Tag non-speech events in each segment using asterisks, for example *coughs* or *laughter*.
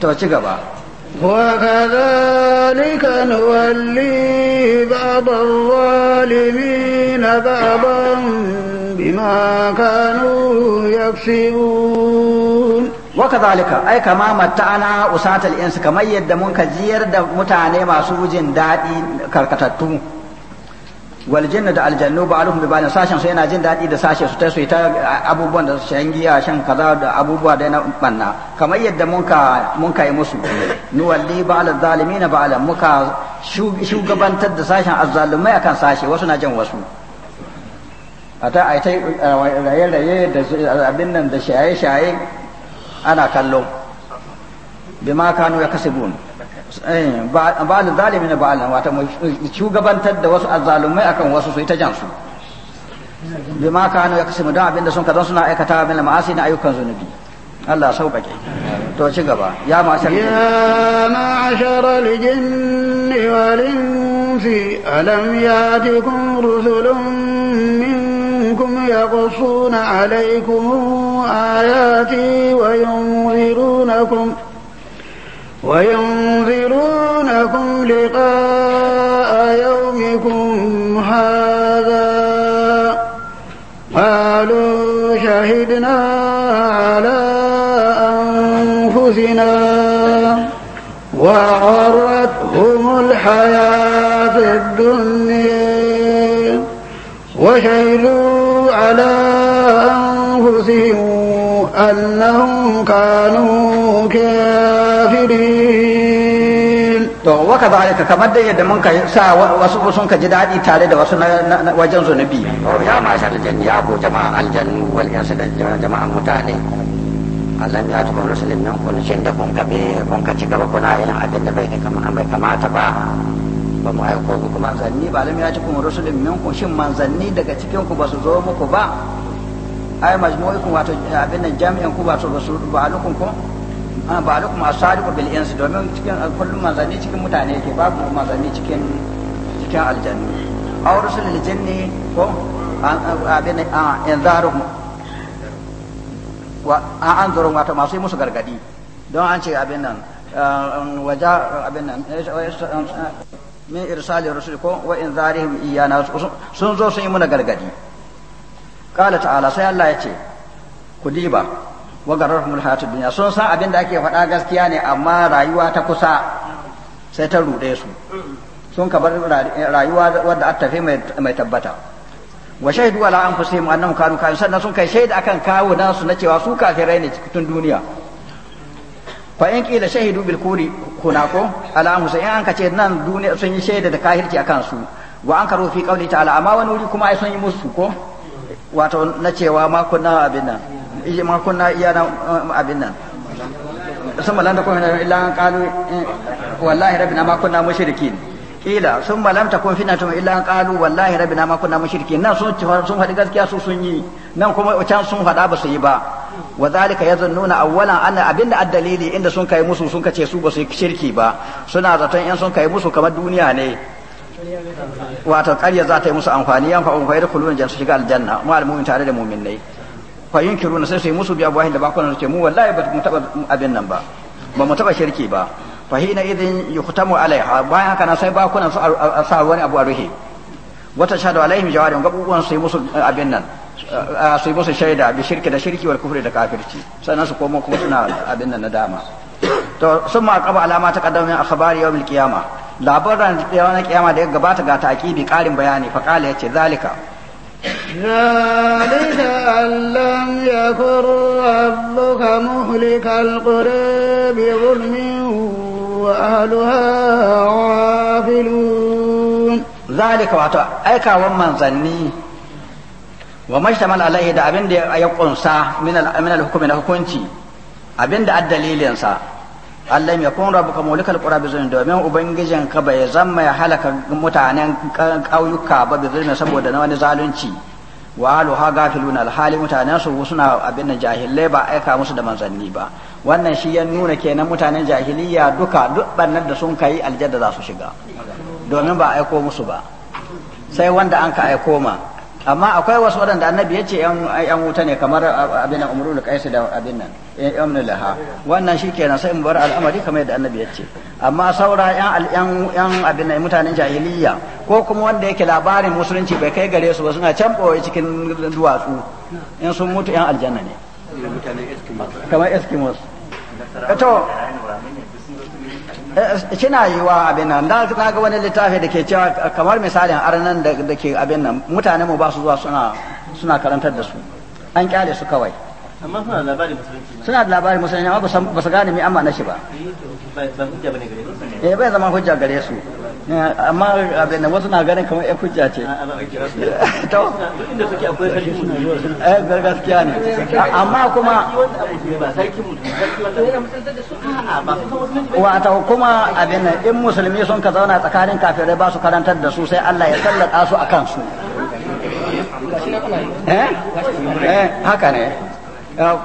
To cigaba. Wa kazalika nawa wali babban walimi na zaban bima Kanuri ya fi Wa kazalika ai ka mamatta'a na usantan ƴansu, kamar yadda mun ka da mutane masu wujin daɗin karkatattu. wal jinna da aljannu alhum bi ba'alin sashen su yana jin daɗi da sashe su ta su ta abubuwan da shan giya shan kaza da abubuwa da na banna kamar yadda munka munka yi musu walli nuwalli ba'al zalimina ba'alan muka shugabantar da sashen azzalumai akan sashe wasu na jan wasu a ta ai ta raye-raye da abin nan da shaye-shaye ana kallo bima kanu ya kasibun Eh, ba'al zalimi na ba'al wata mu shugabantar da wasu azzalumai akan wasu su ita jansu bima kanu ya kasimu don abinda sun kazan suna aikata min ma'asi na ayyukan zunubi Allah sauƙaƙe to ci gaba ya ma'ashar ya ma'ashar aljinni wal insi alam ya ji yatikum rusulun minkum yaqussuna alaykum ayati wa yunzirunakum ويوم ينذرونكم لقاء يومكم هذا قالوا شهدنا على أنفسنا وغرتهم الحياة الدنيا وشهدوا haka ka kamar da yadda mun ka sa wasu sun ka ji daɗi tare da wasu wajen zunubi ya mashar aljan ya ko jama'a aljan wal yansu da jama'a mutane Allah ya tuba rasulun nan kun shi da kun kabe kun ka ci gaba kuna yin abin da bai kama bai kamata ba ba mu aiko ku kuma zanni ba lam ya ci kun rasulun nan kun shin manzanni daga cikin ku ba su zo muku ba ai majmu'ikum wato abin nan jami'an ku ba su ba alukun ku. ba alaikum asadiqu bil ins domin cikin kullum manzanni cikin mutane yake babu manzanni cikin cikin aljannu aw rusul lil jinni ko abin a inzarum wa an anzuru wata masu musu gargadi don an ce abin nan waja abin nan eh, eh, eh, min irsali rusul ko wa inzarihim iyana sun zo sun yi muna gargadi qala ta'ala sai Allah ya ce ku diba wa gararhumul hayatud dunya sun san abin da ake faɗa gaskiya ne amma rayuwa ta kusa sai ta ruɗe su sun ka bar rayuwa wadda an tafi mai tabbata wa shaidu ala anfusihim annahum kanu kafirin sannan sun kai shaida akan kawo dan su na cewa su kafirai ne cikin duniya fa in kila shahidu bil kuri kunako ala musa in an ka ce nan duniya sun yi shaida da kafirci akan su wa an karo fi qauli ta'ala amma wani wuri kuma ai sun yi musu ko wato na cewa ma kunna abin nan Iji ma kunna iyana eh, abin nan sun malanta kun fina illa an kalu eh, wallahi rabbina ma kunna mushrikin kila sun malanta kun fina tun illa an kalu wallahi rabbina ma kunna mushrikin nan sun sun faɗi gaskiya su sun yi nan kuma can sun faɗa ba su yi ba wa zalika yazunnuna awwalan anna abinda addalili inda sun kai musu sun kace su ba su yi shirki ba suna zaton in sun kai musu kamar duniya ne wato ƙarya za ta yi musu amfani yan fa'un fa yadkhuluna janna su shiga aljanna ma al tare da mu'minnai fa yunkiruna sai su yi musu bi abuwahin da bakunan su ce mu wallahi ba mu taba abin nan ba ba mu taba shirki ba fa hina idin yuhtamu alaiha bayan haka nan sai bakunan su a sa wani abu a ruhe wata shahadu alaihim jawarin gabubuwan su yi musu abin nan su musu shaida bi shirki da shirki wal kufri da kafirci sannan su komo kuma suna abin nan na dama to sun ma kaba alama ta kaddamin akhbari yawmil qiyamah labaran yawan kiyama da ya gabata ga ta'kibi karin bayani fa qala yace zalika ذلك أن لم يكن ربك مهلك القرى بظلم وأهلها غافلون ذلك واتو أيكا ومن ظني وما اشتمل عليه دا أبين دي أيقنصا من الحكم الحكمتي أبين دا الدليل ينصا Allah ya kun rabu mulkal qura bi domin ubangijin ka bai zama ya halaka mutanen ƙauyuka ba bizin saboda na wani zalunci wa ha gafiluna alhali mutanen su suna abin da jahilai ba aika musu da manzanni ba wannan shi ya nuna kenan mutanen jahiliya duka duk bannan da sun kai aljada za su shiga domin ba aiko musu ba sai wanda an ka aiko ma amma akwai wasu waɗanda annabi ya ce ‘yan wuta ne kamar abin nan umaru da kaisu da abin nan ‘yan ha wannan shi kenan sai mu bar al'amari kamar yadda annabi ya ce amma saura ‘yan abin nan mutanen jahiliya ko kuma wanda yake labarin musulunci bai kai gare su ba suna can ɓoye cikin duwatsu in sun mutu ‘yan aljanna ne kamar eskimos to Eh, kina yi wa abin nan da na ga wani littafi da ke cewa kamar misalin arnan da ke abin nan mutane mu ba su zuwa suna suna karantar da su an kyale su kawai amma suna da labarin musulunci suna da labarin musulunci amma ba su gane mai amma na shi ba eh, eh bai zama hujja gare su Eh, amma abin da wasu na ganin kamar ya ce *laughs* to inda suke akwai eh, ne amma kuma wato kuma abin in musulmi sun ka zauna tsakanin kafirai ba su karantar da su sai Allah ya sallata su akan su eh? haka ne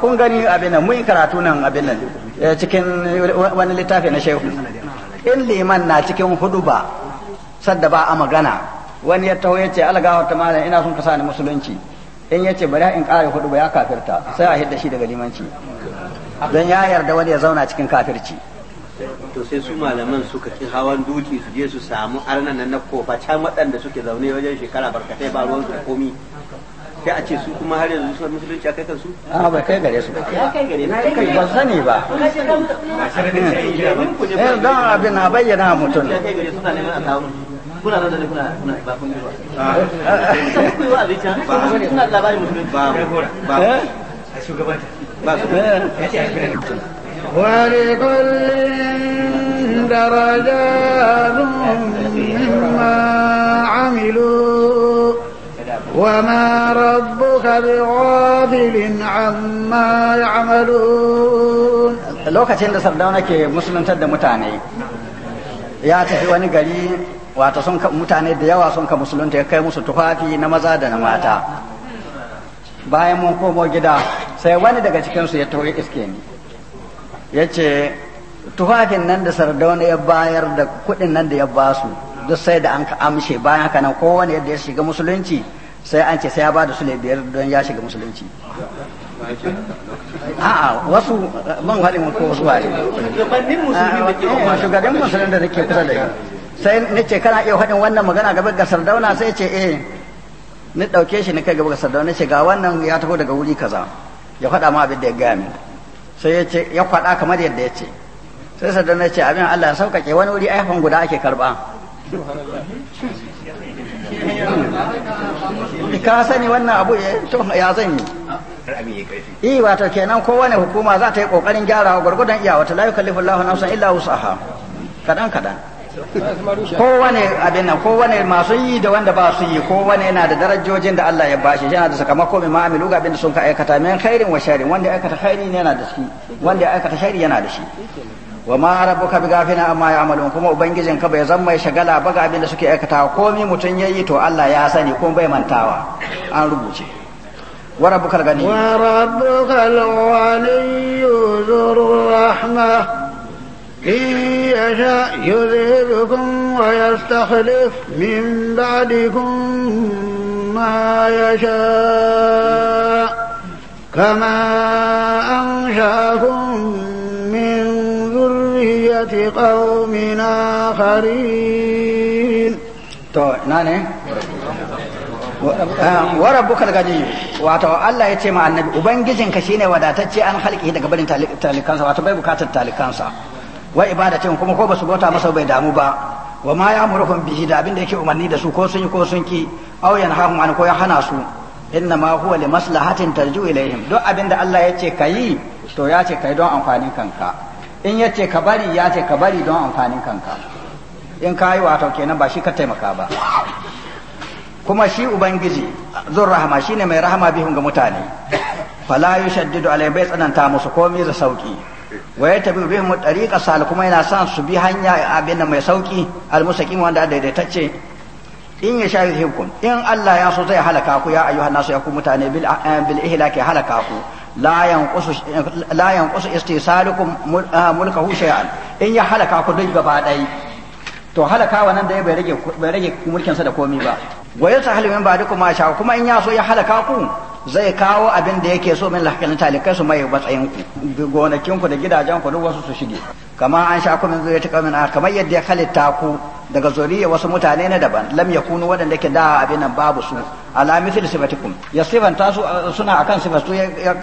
kun gani abin nan mun karatu nan abin nan cikin wani littafi na shehu in liman na cikin hudu ba sadda ba a magana wani ya taho ya ce algawa ta malam ina son kasa ni musulunci in ya ce bari in ƙara hudu ba ya kafirta sai a hidda shi daga limanci don ya yarda wani ya zauna cikin kafirci to sai su malaman suka ci hawan duki su je su samu arnan na kofa can waɗanda suke zaune wajen shekara barkatai ba ruwan komi sai a ce su kuma har yanzu su musulunci a kai kansu a bai kai gare su ba kai gare kai ba sani ba eh don abin na bayyana a kawo kuna da kuna ba kun ah. yi ba kuna labarin musulunci ba ba eh? a shugabanta ba su eh. ya ولكل درجات مما عملوا وما ربك بغافل عما يعملون lokacin da sardauna ke musuluntar da mutane ya tafi wani gari wata sun mutane da yawa sun ka musulunta ya kai musu tufafi na maza da na mata bayan mun komo gida sai wani daga cikinsu ya tauri iske ni ya ce tufafin nan da sardauna ya bayar da kuɗin nan da ya basu duk sai da an ka amshe bayan haka nan kowane yadda ya shiga musulunci sai an ce sai ya ba su ne biyar don ya shiga musulunci a'a wasu man haɗin ko wasu ba ne shugaban musulun da nake kusa da yi sai na ce kana iya haɗin wannan magana gaba ga sardauna sai ce eh ni ɗauke shi ni kai gaba ga sardauna ce ga wannan ya taho daga wuri kaza ya faɗa ma abin da ya gaya min sai ya ce ya faɗa kamar yadda ya ce sai sardauna ce abin Allah ya sauƙaƙe wani wuri aifan guda ake karɓa *laughs* ka sani wannan abu eh, to ya zan yi ah, eh wato kenan kowane hukuma za ta yi kokarin gyarawa gwargwadon iyawa ta la yukallifu Allahu nafsan illa wus'aha kadan kadan kowane abin nan kowane masu yi da wanda ba su yi kowane yana da darajojin da Allah ya bashi yana da sakamako mai ma'amilu ga abin da sun ka aikata min khairin wa sharrin wanda ya aikata khairi yana da shi wanda aikata yana da shi wa ma bi gafina amma ya amalu kuma ubangijin ka bai zan mai shagala ba ga abin da suke aikata aikatawa komai mutun yayi to Allah ya sani ko bai mantawa an rubuce wa rabu al gani wa rabbuka al-ghani rahma in yasha yuzhibukum wa yastakhlif min ba'dikum ma yasha kama أنشأكم ملة قوم wa rabbuka al-ghani wato Allah ya ce ma annabi ubangijinka shine wadatacce an halki daga barin talikansa wato bai bukatar talikansa wa ibadatin kuma ko basu bauta masa bai damu ba wa ma ya'murukum bihi da abin da yake umarni da su ko sun yi ko sun ki aw yanhahum ko ya hana su inna ma huwa li maslahatin tarju ilaihim duk abin da Allah ya ce kayi to ya ce kai don amfanin kanka in ya ce ka bari ya ce ka bari don amfanin kanka in ka yi wato kenan ba shi ka taimaka ba kuma shi ubangiji zon rahama shine mai rahama bihun ga mutane fala yushaddidu alai bai tsananta musu komai da sauki waya ya tabi bihim tariqa sal kuma yana san su bi hanya abin mai sauki almusakin wanda daidaitacce in ya sha yuhibkum in Allah ya so zai halaka ku ya ayyuhan nasu ya ku mutane bil eh, bil ihlaki halaka ku Layan yanqusu la yanqusu istisalukum mulkahu shay'an in ya halaka duk to halaka wannan da bai rage bai rage mulkin sa da komai ba wa yasahalu min ba'dikum ma sha kuma in ya so ya halaka ku zai kawo abin da yake so min lahkan talikai su mai matsayin ku gonakin ku da gidajen ku duk wasu su shige kama an sha ku min zai ta kamin kamar yadda ya halitta ku daga zuriya wasu mutane na daban lam yakunu wadanda ke da abin nan babu su ala mithl sifatikum ya sifanta su eh, suna akan sifar su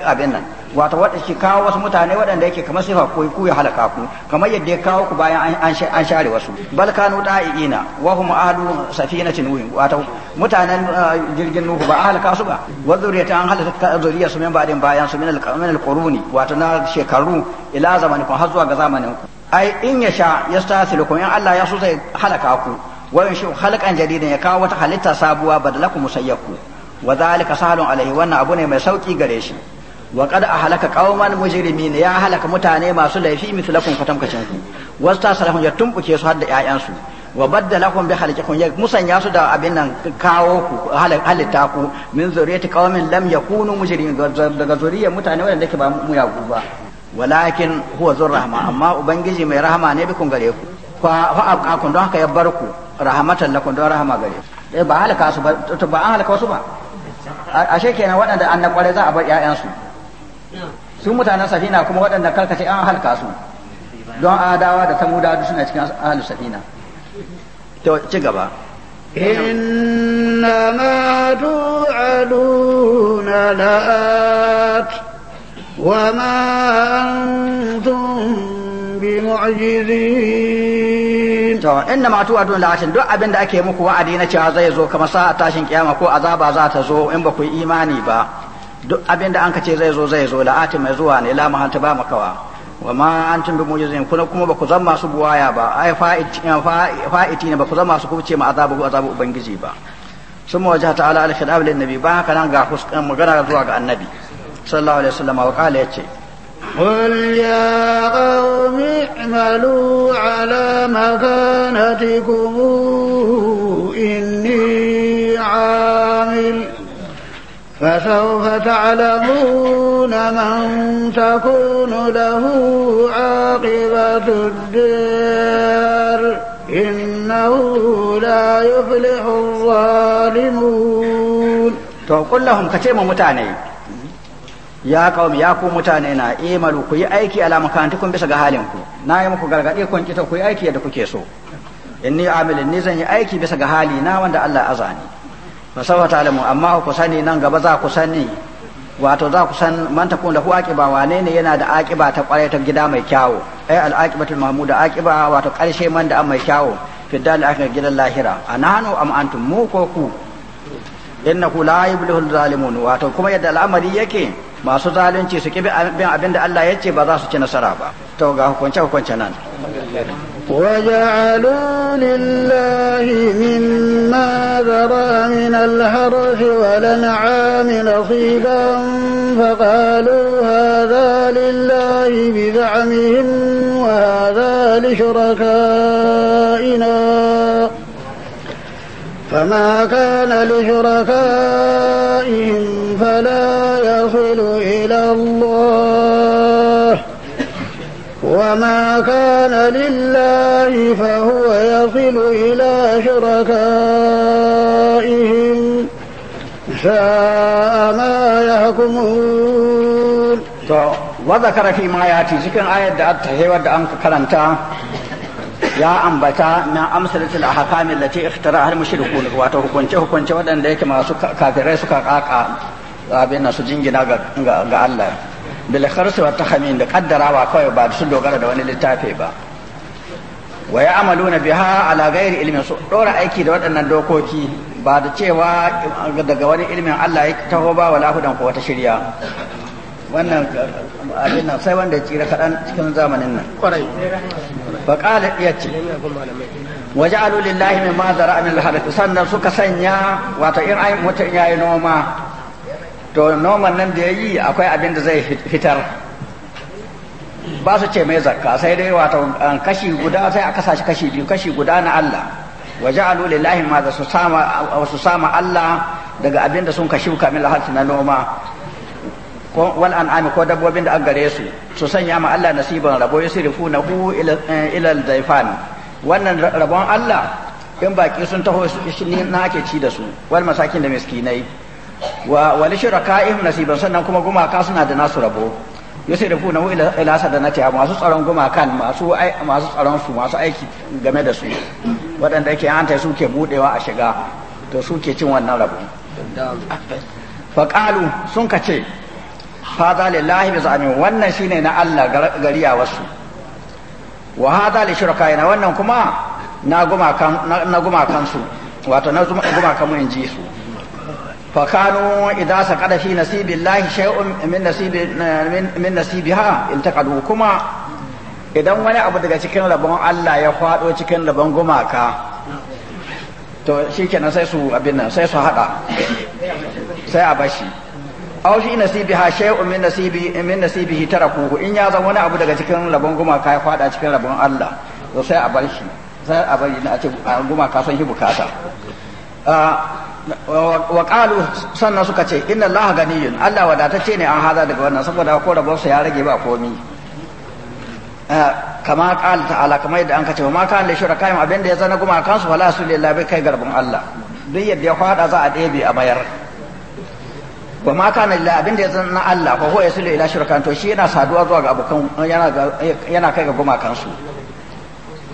abin nan wato wadanda ke kawo wasu mutane wadanda yake kamar sifa ko ku ya halaka ku kamar yadda ya kawo ku bayan an share wasu bal kanu da'iina wa hum ahlu safinati nuh wato mutanen eh, jirgin nuhu ba halaka su ba wa zuriyata an halaka zuriya su min ba'din bayan su min al-quruni wato na shekaru ila zamanin ku har zuwa ga zamanin ku ai in ya sha ya stasilukum in Allah ya so zai halaka ku wa in shi jadidan ya kawo wata halitta sabuwa badalakum musayyaku wa zalika sahlun alaihi wannan abu ne mai sauki gare shi wa qad ahlaka qauman mujrimin ya halaka mutane masu laifi mislakum fatamkacin ku sta salahun ya tumbuke su har da ƴaƴan su wa badalakum bi khalqikum ya musanya su da abin nan kawo ku halitta ku min zuriyati qaumin lam yakunu mujrimin daga zuriyar mutane wanda ke ba mu ya ba walakin huwa zur rahma amma ubangiji mai rahama ne bikun gare ku fa abqakum don haka ya bar ku rahmatan lakum don rahama gare ku eh, ba halaka su ba to ba an halaka su ba ashe kenan waɗanda an na za a bar ƴaƴansu su mutanen safina kuma waɗanda karkace an halaka su don adawa da tamuda suna cikin ahlus safina to ci gaba إنما توعدون لآت وما أنتم بمعجزين to inna ma tu'adun la'atin duk abin da ake muku wa'adi na cewa zai zo kamar sa'a tashin kiyama ko azaba in ba yi imani ba duk abin da an ka ce zai zo zai zo la'atin mai zuwa ne la ba makawa wa ma antum bi mujizin kuna kuma ba ku zama masu buwaya ba ai fa'iti ne masu kuce ma azabu azabu ubangiji ba sun wajaha ta'ala al-khidab lin nabi ba haka nan ga magana zuwa ga annabi صلى الله عليه وسلم وقال يتشي قل يا قوم اعملوا على مكانتكم إني عامل فسوف تعلمون من تكون له عاقبة الدار إنه لا يفلح الظالمون تقول قل لهم كتيم متاني ya kawo ya ku mutane na imalu ku yi aiki ala kun bisa ga halin ku na yi muku gargaɗe kun kita ku yi aiki yadda kuke so inni amilin ni zan yi aiki bisa ga hali na wanda Allah azani fa sawfa ta'lamu amma ku sani nan gaba za ku sani wato za ku san man ku da ku aqiba wane ne yana da aqiba ta kware ta gida mai kyawu ai al aqibatul mahmuda aqiba wato karshe man da an mai kyawu fi dal akhir gidan lahira anano am antum mu ko ku innahu la yublihul zalimun wato kuma yadda al'amari yake masu zalunci su kibi bin abin da Allah ya ce ba za su ci nasara ba to ga hukunce hukunce nan وجعلوا لله مما ذرى من الحرث والأنعام نصيبا فقالوا هذا لله بزعمهم وهذا لشركائنا فما كان لشركائهم فلا يصل إلى الله وما كان لله فهو يصل إلى شركائهم ساء ما يحكمون وذكر فيما ياتي ذكر آية أتهي ودأنك كلمتا ya ambata na amsalatul ahkam allati ikhtaraha al-mushrikun wato hukunce hukunce waɗanda yake masu kafirai suka kaka na su jingina ga Allah bil kharsi wa tahmin da kaddarawa kawai ba su dogara da wani littafi ba wa ya'maluna biha ala ghairi ilmin su aiki da waɗannan dokoki ba da cewa daga wani ilmin Allah ya taho ba wala hudan ko wata shirya wannan abin nan sai wanda ya tsira kaɗan cikin zamanin nan. Kwarai. Ba iya ce. Waje alu min ma'azara amin lahadatu sannan suka sanya wato in ai mutum ya yi noma to noman nan da ya yi akwai abin da zai fitar. Ba su ce mai zakka sai dai wato eh, kashi guda sai a kasashe kashi biyu kashi guda na Allah. Waje alu lillahi ma su sama Allah daga abin da sun kashi kamin lahadatu na noma. ko wal an'ami ko dabbobin da an gare su su sanya ma Allah nasiban rabo yusrifunahu ila eh, ila al-dayfan wannan rabon Allah in baki sun taho shi na ake ci da su wal masakin da miskinai wa wal shuraka'ihim nasiban sannan kuma gumaka suna da nasu rabo yusrifunahu ila ila sadanati masu tsaron gumakan masu masu tsaron su masu aiki game da su waɗanda yake hanta su ke budewa a shiga to su ke cin wannan rabo faƙalu sun ka ce hada lillahi bi za'amin wannan shine na Allah gariya wasu wa hada li shurakaina wannan kuma na gumakan su wato na gumakan mu in ji su fa kanu idza saqada min nasibi kuma idan wani abu daga cikin rabon Allah ya fado cikin rabon gumaka to shikenan sai su abin nan sai su haɗa sai a bashi aw shi ha shay'un min nasibi min nasibihi tarakuhu in ya zan wani abu daga cikin rabon gumaka ya fada cikin rabon Allah to sai a bar shi sai a bar shi na ce gumaka san shi bukata ah, wa qalu sannan suka ce inna Allah ganiyun Allah wadatacce ne an haza daga wannan saboda ko rabon sa ya rage ba komi ah, kama qala ta'ala kamar yadda an kace ma kan da shurakaim abinda ya zana gumakan su wala su lillahi kai garbin Allah duk yadda ya fada za a ɗebe a mayar wa ma kana lillahi abinda ya zana na Allah fa huwa yasulu ila shirkan to shi yana saduwa zuwa ga abokan yana yana kai ga gumakan su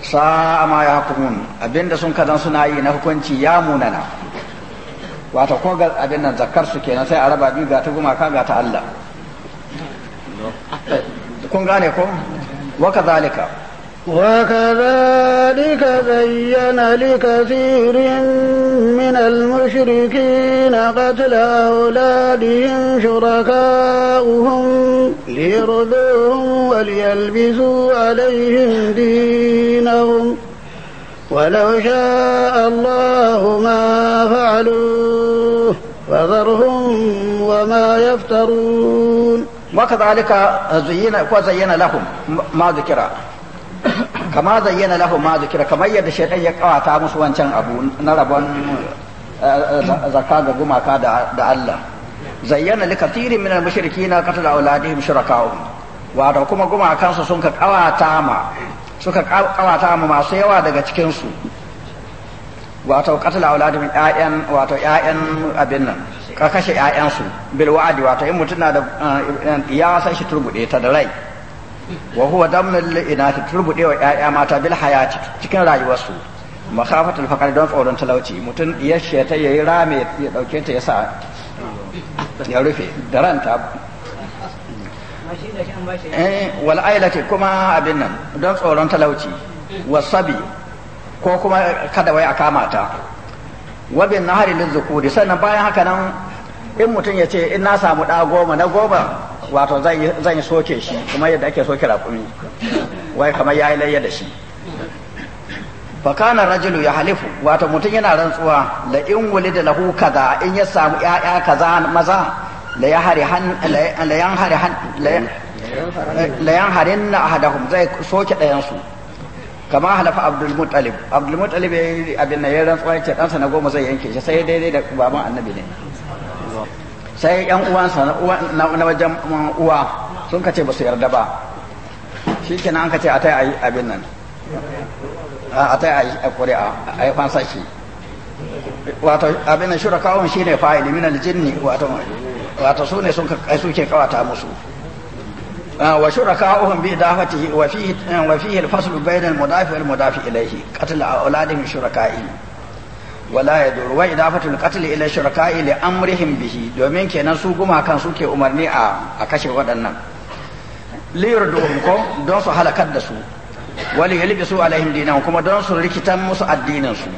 sa ma ya hukumun abinda sun kadan suna yi na hukunci ya munana wato ko ga abin nan zakkar su kenan sai a raba biyu ga ta gumaka ga ta Allah kun gane ko wa kadhalika وكذلك زين لكثير من المشركين قتل أولادهم شركاؤهم ليردوهم وليلبسوا عليهم دينهم ولو شاء الله ما فعلوه فذرهم وما يفترون وكذلك زين لهم ما ذكر kama zayyana lahu ma zikira kamar yadda shaytan ya kawata musu wancan abu na rabon eh, eh, zakka ga gumaka da Allah zayyana li kathirin min al-mushrikeena qatl auladihim shuraka'uhum wato kuma gumakansu sun ka kawata ma suka kawata ma masu yawa daga cikin su wato qatl auladihim ya'yan wato ya'yan abin nan ka kashe ya'yan su bil wa'di ta in mutuna da eh, ya san shi turbude ta da rai wa huwa damnul li'inati turbudewa ya'ya mata bil hayati cikin rayuwarsu makhafatul faqar don tsoron talauci mutum ya sheta yayi rame ya dauke ta yasa ya rufe da ta eh wal ailati kuma abin nan don tsoron talauci wasabi ko kuma kada wai a kama ta wabin nahari lizukuri sannan bayan haka nan in mutum ya ce in na samu ɗa goma na goma wato zan yi soke shi kuma yadda ake soke raƙumi wai kamar ya yi layya da shi fakana rajulu ya halifu wato mutum yana rantsuwa da in da lahu kaza in ya samu ya'ya kaza maza da ya hari han yan hari han la yan harin na ahadahum zai soke ɗayan su kama halafa abdul mutalib abdul mutalib abin na ya rantsuwa ya ce ɗansa na goma zai yanke shi sai daidai da baban annabi ne sai yan uwansa na wajen uwa sun kace ba su yarda ba shi kenan an kace a ta yi abin nan a ta yi a kuri a yi fansa shi wato abin nan shura kawon shi ne fa'ili min aljinni wato wato su ne sun ka suke kawata musu wa shura kawon bi dafati wa fihi wa fihi al-faslu bayna al-mudafi wal mudafi ilayhi qatl auladihim wala ya duru wa idafatul qatl ila shuraka'i li amrihim bihi domin kenan su gumakan suke umarni a a kashe waɗannan li yurduhum ko don su halakar da su wali su alaihim Dina kuma don su rikitan musu addinin su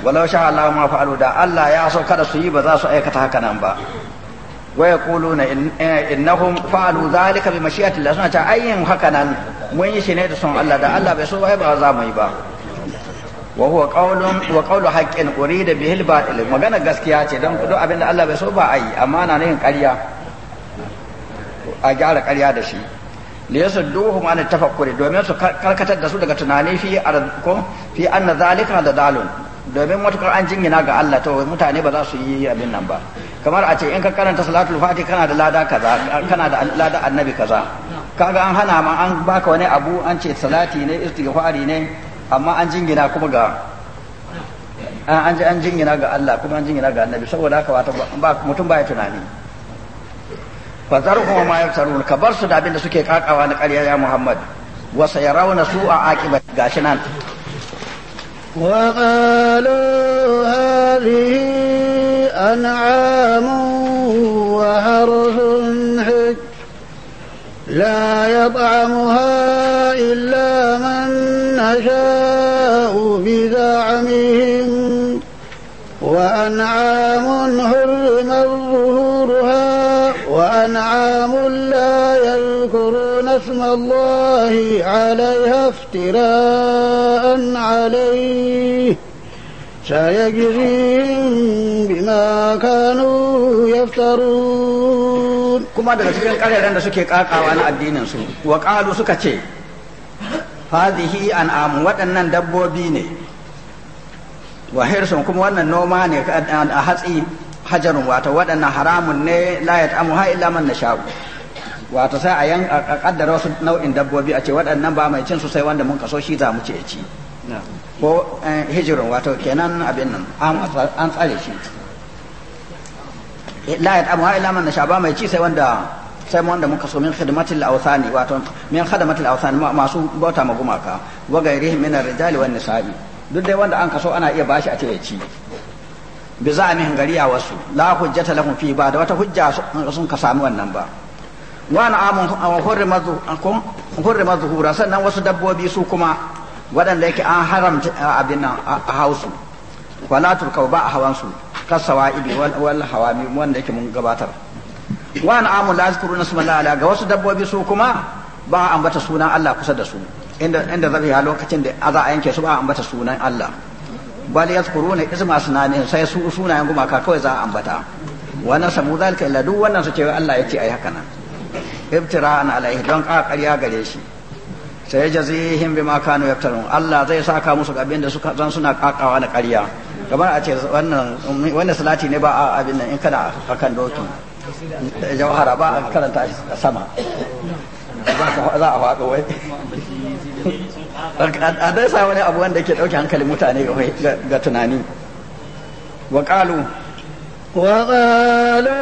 walau sha Allah da Allah ya so kada su yi ba za su aikata haka nan ba wa yaquluna eh, innahum fa'alu dhalika bi mashi'ati Allah suna ta ayyin haka nan mun yi shi ne da son Allah da Allah bai so ba za mu yi ba wa huwa qawlun wa qawlu haqqin urida bihil magana gaskiya ce dan duk abin da Allah bai so ba yi amma na nan ƙarya a gyara ƙarya da shi li yasudduhum an tafakkuri domin su karkatar da su daga tunani fi arko fi anna zalika da dalun domin matukar an jingina ga Allah to mutane ba za su yi abin nan ba kamar a ce in ka karanta salatul fati kana da lada kaza kana da lada annabi kaza kaga an hana ma an baka wani abu an ce salati ne istighfari ne amma an jingina kuma ga an an jingina ga Allah kuma an jingina ga annabi saboda haka wata mutum baya tunani fa zarhum ma yaftarun ka bar su da abin da suke kakawa na ƙarya ya Muhammad wa sayarawna su'a aqibat gashi nan hadhihi an'amu wa لا يطعمها إلا من نشاء بزعمهم وأنعام حرم ظهورها وأنعام لا يذكرون اسم الله عليها افتراء عليه سيجزيهم بما كانوا يفترون kuma daga cikin ƙareren da suke ƙaƙawa na addinin su wa ƙalu suka ce an amu waɗannan dabbobi ne wa hirsun kuma wannan noma ne a hatsi hajarun wata waɗannan haramun ne la amu ha illa man nasha'u wato sai a yan kaddara wasu nau'in dabbobi a ce waɗannan ba mai cin su sai wanda mun kaso shi za mu ce ci ko eh, hijirin wato kenan abin nan an tsare shi la yat'amuha illa man nasha ba mai ci sai wanda sai wanda muka so min khidmatil awsani wato min khidmatil awsani masu bauta ma gumaka wa gairi min ar-rijali wan nisa'i duk dai wanda an kaso ana iya bashi a ce ya ci bi za'amihin gari a wasu la hujjata lahum fi ba da wata hujja sun ka samu wannan ba wa hurri mazu hura sannan wasu dabbobi su kuma waɗanda yake an haramta abin nan a hausu wala turkau ba a hawansu kasawa'ibi wal hawami wanda yake mun gabatar wa an amul la yazkuruna ga wasu dabbobi su kuma ba a ambata sunan Allah kusa da su inda inda zabi ha lokacin da za a yanke su ba a ambata sunan Allah bal yazkuruna isma sunanin sai su sunayen gumaka kawai za a ambata wannan samu zalika illa duk wannan su ce Allah ya ce ai haka nan ibtira'an alaihi don ƙarya gare shi sai jazihim bima kanu yaftarun Allah zai saka musu abin da suka zan suna kakawa na ƙarya kamar a ce wannan salati ne ba a abin nan in kana akan doki jawhara ba a karanta shi a sama za a faɗo wai a dai sa wani abu wanda ke ɗauke hankalin mutane ga tunani wa ƙalu wa ƙalu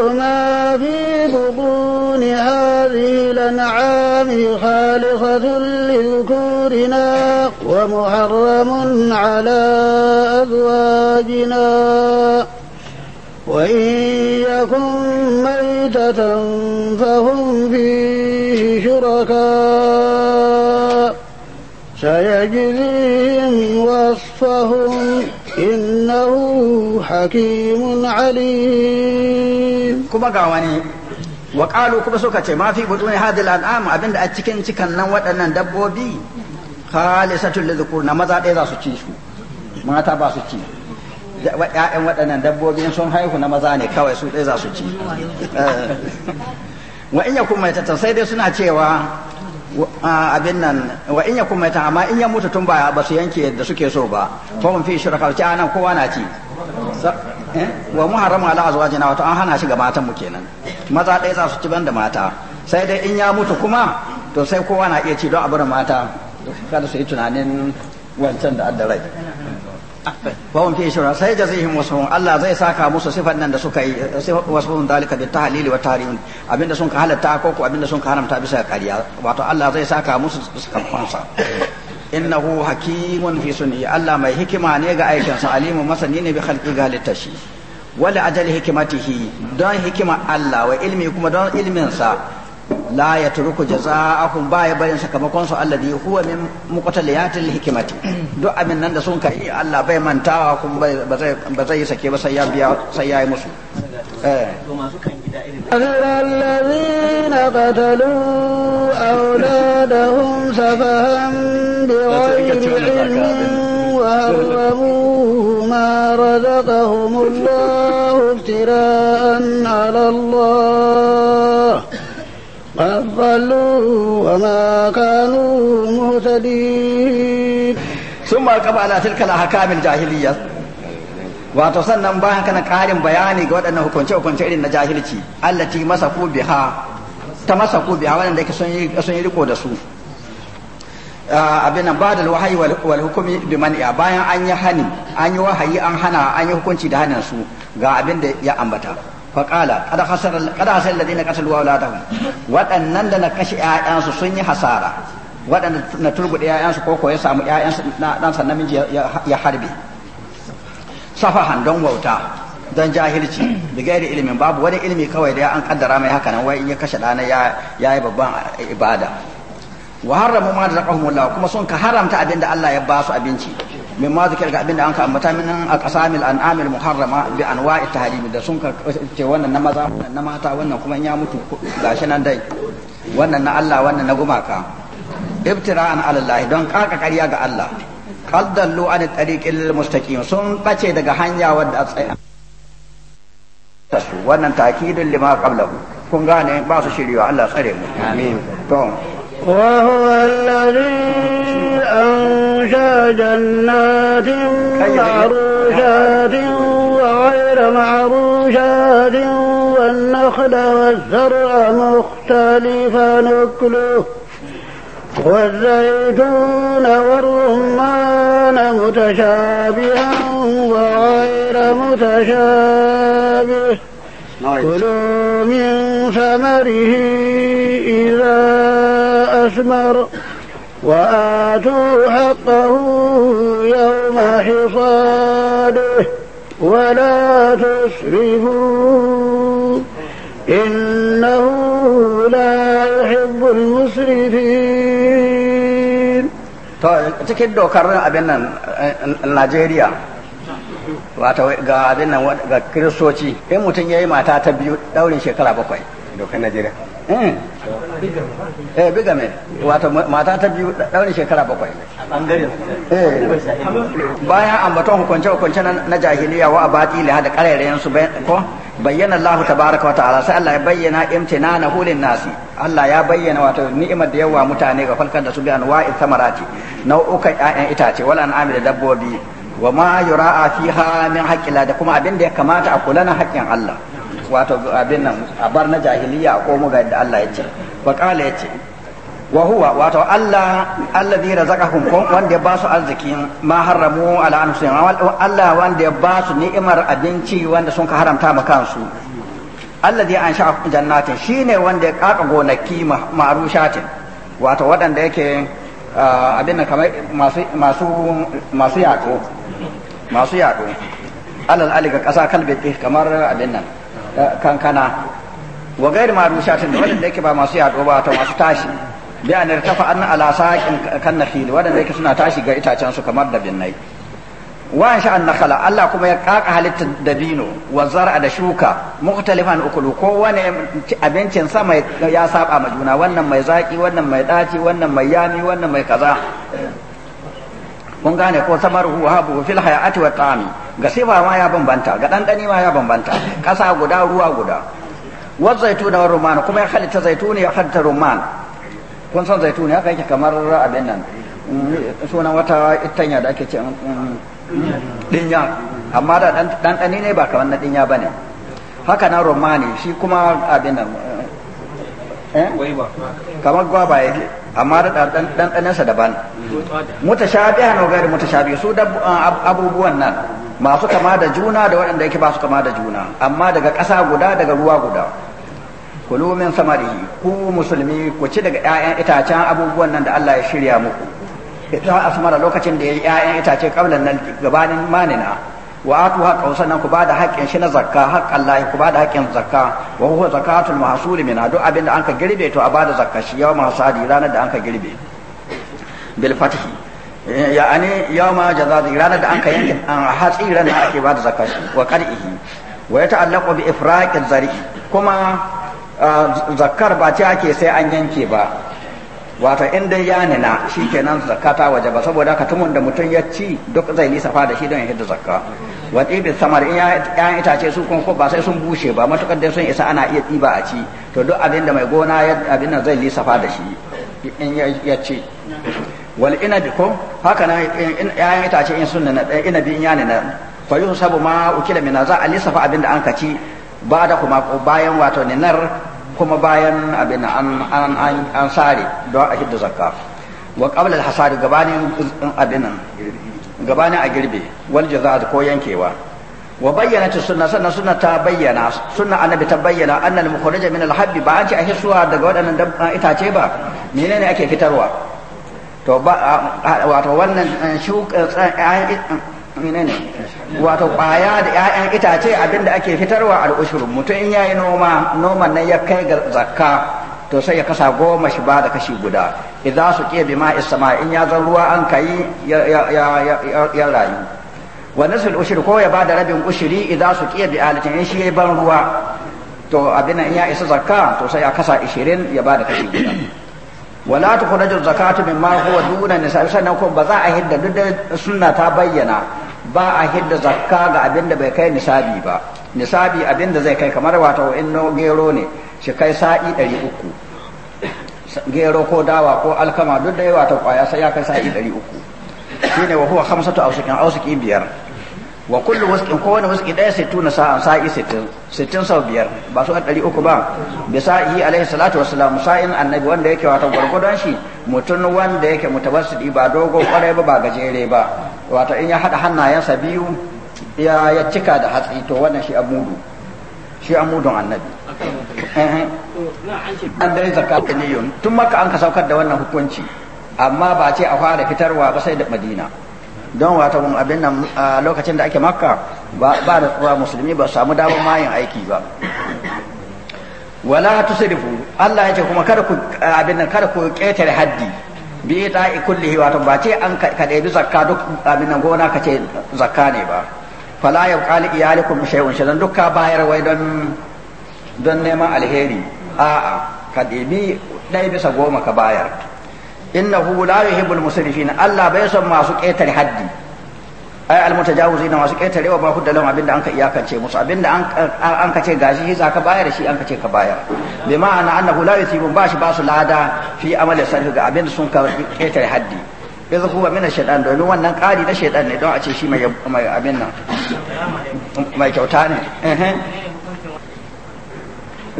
ما في بطون هذه الأنعام خالصة لذكورنا ومحرم على أزواجنا وإن يكن ميتة فهم فيه شركاء سيجزيهم وصفهم إنه حكيم عليم kuma ga wani wa qalu kuma suka ce ma fi butun hadil al'am abinda a cikin cikan nan waɗannan dabbobi khalisatul lidhkur na maza ɗaya za su ci su mata ba su ci ƴaƴan waɗannan dabbobi sun haihu na maza ne kawai su ɗaya za su ci eh. wa in yakun ta sai dai suna cewa abin nan wa in yakun maitatan amma in ya mutu tun ba ba su yanke da suke so ba fa mun fi shirka ci anan kowa na ci Eh? wa mu haramu ala azwajina wato an hana shi ga matan mu kenan maza ɗaya za su ci ban da mata sai dai in ya mutu kuma to sai kowa na iya ci don abin mata kada su yi tunanin wancan da addarai ba bawon fi shirin sai jazihim wasfahum Allah zai saka musu sifan nan da suka yi wasfahum dalika bi tahlili wa tarihun abinda sun ka halatta ko ko abinda sun ka haramta bisa kariya wato Allah zai saka musu sakamakon sa innahu hakimun fi sunni Allah mai hikima ne ga aikin sa alimu masani ne bi khalqi galitta shi wala ajali hikimatihi don hikima Allah wa ilmi kuma don ilmin sa la yatruku jazaa'ahum ba ya barin sakamakon su alladhi huwa min muqtaliyatil hikimati duk abin nan da sun kai Allah bai mantawa kuma ba zai ba zai sake ba sai ya biya sai ya yi musu الذين قتلوا أولادهم سفها بغير علم وهربوا ما رزقهم الله افتراء على الله قد ضلوا وما كانوا مهتدين ثم على تلك الأحكام الجاهلية wato sannan bayan kana ƙarin bayani ga waɗannan hukunce-hukunce irin na jahilci allati ku biha ta masa ku biha waɗanda yake sun yi riko da su ah, abin nan ba da wahayi wal hukumi bi man'a bayan an yi hani an yi wahayi an hana an yi hukunci da hanin su ga abin da ya ambata fa qala qad khasara qad khasara alladhina qatalu awladahum waɗannan da na kashe ƴaƴansu sun yi hasara waɗanda na turbuɗe ƴaƴansu ko ko ya samu ƴaƴansu sannan namiji ya harbe safahan don wauta don jahilci da gairi ilimin babu wani ilimi kawai da an kaddara mai haka nan wai in ya kashe ɗana ya yi babban ibada wa haramu ma da zakahumullah kuma sun ka haramta abin da Allah ya ba su abinci min ma zikir ga abin da an ka ambata min an qasamil muharrama bi anwa'i tahrimi da sun ka ce wannan na maza wannan na mata wannan kuma ya mutu gashi nan dai wannan na Allah wannan na gumaka ibtira'an an Allah don kaka ƙarya ga Allah قد ضلوا عن الطريق المستقيم سن bace daga hanya wadda a tsaya su wannan takidin lima qablahu kun gane ba su shiriwa Allah tsare mu amin to وهو الذي أنشأ جنات معروشات وغير معروشات والنخل والزرع مختلفا نكله والزيتون والرمان متشابها وغير متشابه كلوا من ثمره إذا أثمر وآتوا حقه يوم حصاده ولا تسرفوا إنه لا يحب المسرفين to cikin dokar abin nan eh, Najeriya wato ga abin nan ga kiristoci in mutum ya yi mata ta biyu daurin shekara bakwai dokar Najeriya hmm. eh biga mai wato mata ta biyu daurin shekara bakwai eh, bayan ambaton hukunce hukunce na jahiliya wa abati da karerayen su ko bayyana Allah tabaraka wa ta'ala sai Allah ya bayyana na hulin nasi Allah ya bayyana wato ni'imar da yawa mutane ga falkar da su bi anwa'i samarati nau'ukan ƴaƴan itace wala an'ami da dabbobi wa ma yura'a fiha min haqqila da kuma abin da ya kamata a kula na haƙƙin Allah wato abin nan a bar na jahiliya a komo ga yadda Allah ya ce wa qala ya ce wa huwa wato Allah allazi razaqahum kun wanda ya ba su arzikin ma haramu ala anfusihim Allah wanda ya ba su ni'imar abinci wanda sun ka haramta ma kansu allazi ansha jannatin shine wanda ya kaka gonaki marushatin wato waɗanda yake abin nan kamar masu masu masu yaƙo masu yaƙo alal aliga ƙasa kalbi kamar abin nan eh, kankana wa gairu marushatin da waɗanda yake ba masu yaƙo ba wato masu tashi bi an irtafa an ala saqin kan nakhil wadanda yake suna tashi ga itacen su kamar da binnai wa sha an nakhala Allah kuma ya kaka halitta dabino wa zar'a da shuka mukhtalifan ukulu ko wani abincin sa mai ya saba ma juna wannan mai zaki wannan mai daci wannan mai yami wannan mai kaza kun gane ko samaruhu habu fil hayati wa ta'ami ga sifa ma ya bambanta ga dani ma ya bambanta kasa guda ruwa guda wa zaituna wa rumman kuma ya halitta zaituni ya halitta rumman kun san zaitun ya kai kamar abin nan mm, sunan wata itanya da ake ce mm, dinya amma da ɗanɗani ne ba kamar na dinya ba ne haka na romani shi kuma abin nan eh? Eh? kamar gwaba yake amma da ɗanɗanensa daban mutashabihan wa ghairi mutashabihi su da ah, abubuwan nan masu kama da juna da waɗanda yake ba su kama da juna amma daga ƙasa guda daga ruwa guda kulu min samarihi ku musulmi ku ci daga ƴaƴan itacen abubuwan nan da Allah ya shirya muku idan asmara lokacin da ya yi ƴaƴan itace kablan nan gabanin manina wa atu ha kausan nan ku ba da haƙƙin shi na zakka haƙƙan Allah ku ba da haƙƙin zakka wa huwa zakatul mahsul min adu abin da ka girbe to a ba da zakka shi yawma sadi ranar da an ka girbe bil fatihi ya'ani yawma jazadi ranar da an ka yanke hatsi ranar ake ba da zakka wa qad'ihi wa yata'allaqu bi ifraqi zari kuma Ah, zakkar ba ce ake sai an yanke ba wata inda ya nina shi kenan zakka ta waje ba saboda ka tumun da mutum ya ci duk zai lisafa da shi don ya hidda zakka wa ibi samar in ya itace su kun ba sai sun bushe ba matukar dai sun isa ana iya ɗiba a ci to duk abin da mai gona abin zai lisafa da shi in ya ci wal inabi ko haka nan ya itace in sun nuna inabi in ya nuna fa yusabu ma ukila min za a lisafa abin da an ka ci ba da kuma bayan wato ninar kuma bayan abin an an an sare don a hidda zakka wa qabla al-hasari gabanin abin gabanin a girbe wal jazaa ko yankewa wa bayyana sunna sunna sunna ta bayyana sunna annabi ta bayyana annal mukhrija min al-habbi ba an ci a hisuwa daga wadannan waɗannan itace ba menene ake fitarwa to ba wato wannan eh, shuka eh, menene wato kwaya da ƴaƴan itace abinda ake fitarwa al'ushur mutum in yayi noma noman nan ya kai ga zakka to sai ya kasa goma shi ba da kashi guda idan su ke bi ma'is sama in ya zan ruwa an kai ya rayu wa nasul ushur ko ya bada rabin ushuri idan su ke bi alatin in shi ya ban ruwa to abin in ya isa zakka to sai ya kasa 20 ya ba da kashi guda wala ta kurajin zakatu min huwa duna nisa sannan kuma ba za a hidda duk da sunna ta bayyana ba a hidda zakka ga abin da bai kai nisabi ba nisabi abin da zai kai kamar wata inno gero ne shi kai sa'i 300 uku gero ko dawa ko alkama duk da yawa ta kwaya sai ya kai sa'i 300 uku shine wa huwa khamsatu awsikin ausiki biyar wa kullu wasqin ko wani wasqi daya sittuna sa'a sa'i sittin sittin sau biyar ba su a ɗari uku ba bi sa'i alaihi salatu wassalam sa'in annabi wanda yake wata gwargwadon shi mutum wanda yake mutawassidi ba dogo kwarai ba ba gajere ba wato in ya haɗa hannayensa biyu ya ya cika da hatsi to wannan shi amudu shi amudun annabi an dai zakatun niyun tun maka an ka saukar da wannan hukunci amma ba ce a fara fitarwa ba sai da madina don wata abin nan lokacin da ake makka ba da kuwa musulmi ba samu damar mayin aiki ba wala tusrifu Allah ya ce kuma kada ku abin nan kada ku ketare haddi bi ita kulli wato ba ce an ka ɗebi zakka duk abin nan gona ka ce zakka ne ba fala ya qali iyalikum shay'un shadan dukka bayar wai don don neman alheri a'a ka bi ɗaya bisa goma ka bayar innahu la yuhibbul musrifin Allah bai son masu ƙetare haddi ai almutajawizina masu ƙetarewa ba ku da lahum abinda anka iyakance musu abinda an ka ce gashi shi zaka bayar shi an ka ce ka bayar bi ma'ana annahu la yusibu ba shi ba su lada fi amali sarfi ga abinda sun ka ƙetare haddi yanzu kuma mina shaidan domin wannan ƙari na shaidan ne don a ce shi mai abin nan mai kyauta ne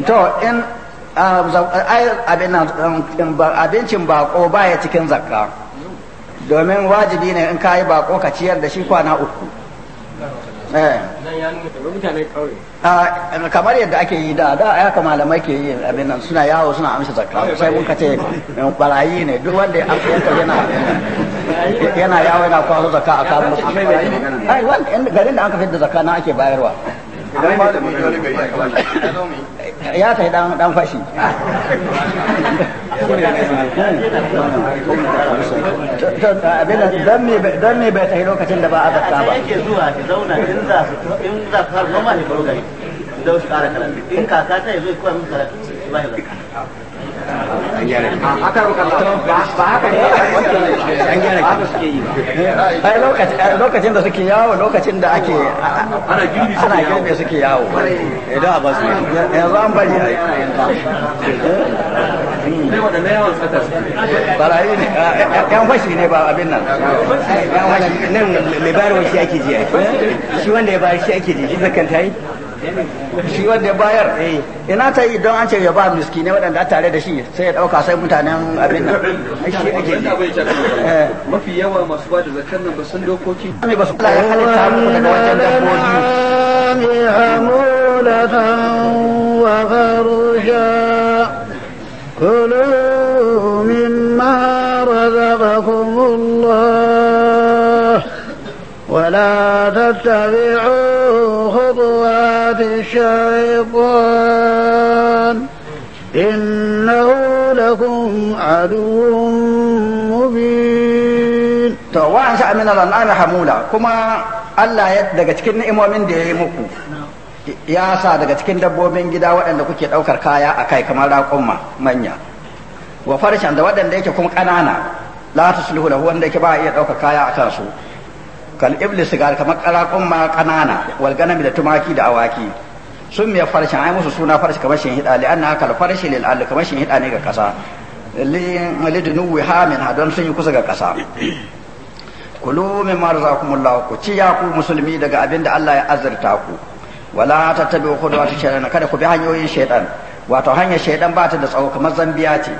to in Ah, abincin bako baya cikin zakka domin wajibi ne in kayi bako ka ciyar da shi kwana uku eh. ah, kamar yadda ake yi da da ya kama malamai ke yi abin nan suna yawo suna amsa zakka sai mun ka ce barayi eh, ne duk wanda ya amsa yanka yana yana yawo yana kwaso zakka a kamar musu ai garin da an ka da zakka na ake bayarwa ya kai dan dan fashi dan me dan me bai tafi lokacin da ba a zakka ba yake zuwa ki zauna in za in za ka har noma ne baro gari da su kara karatu in kaka ta yi ya koya musu karatu ba ya zakka an eh, lokacin da suke yawo lokacin da ake ana girbe suke yawo idan eh, a basu su za A bari ai barayi ne yan fashi ne ba abin nan yan fashi nan mai shi ake ji shi wanda ya bayar shi ake ji shi zakanta yi shi wanda ya bayar eh, ina ta yi don an ce ya ba miski waɗanda waɗanda tare da shi sai ya ɗauka sai mutanen abin nan shi ake eh. mafi yawa masu ba da zakar nan ba sun dokoki ne ba su kula ya halitta muku daga wajen dabbobi كلوا مما رزقكم الله ولا تتبعوا الشيطان إنه لكم عدو مبين to wa sa min al kuma Allah ya daga cikin ni'imomin da yayi muku ya sa daga cikin dabbobin gida waɗanda kuke ɗaukar kaya a kai kamar raƙumma manya wa farshen da waɗanda yake kuma ƙanana la sulhu da wanda yake ba iya ɗaukar kaya a kansu kal iblis sigar kamar karakun ma kanana wal ganami da tumaki da awaki sun miya farshen ai musu suna farshi kamar shin hida li anna kal farshi lil al kamar shin hida ne ga kasa lidinu ha min hadon sun yi kusa ga kasa kulu min marzakumullahu ku ci ya ku musulmi daga abinda Allah ya azurta ku wala tattabi'u khudwat shaytan kada ku bi hanyoyin shaytan wato hanyar shaytan ba ta da tsawo kamar zambiya ce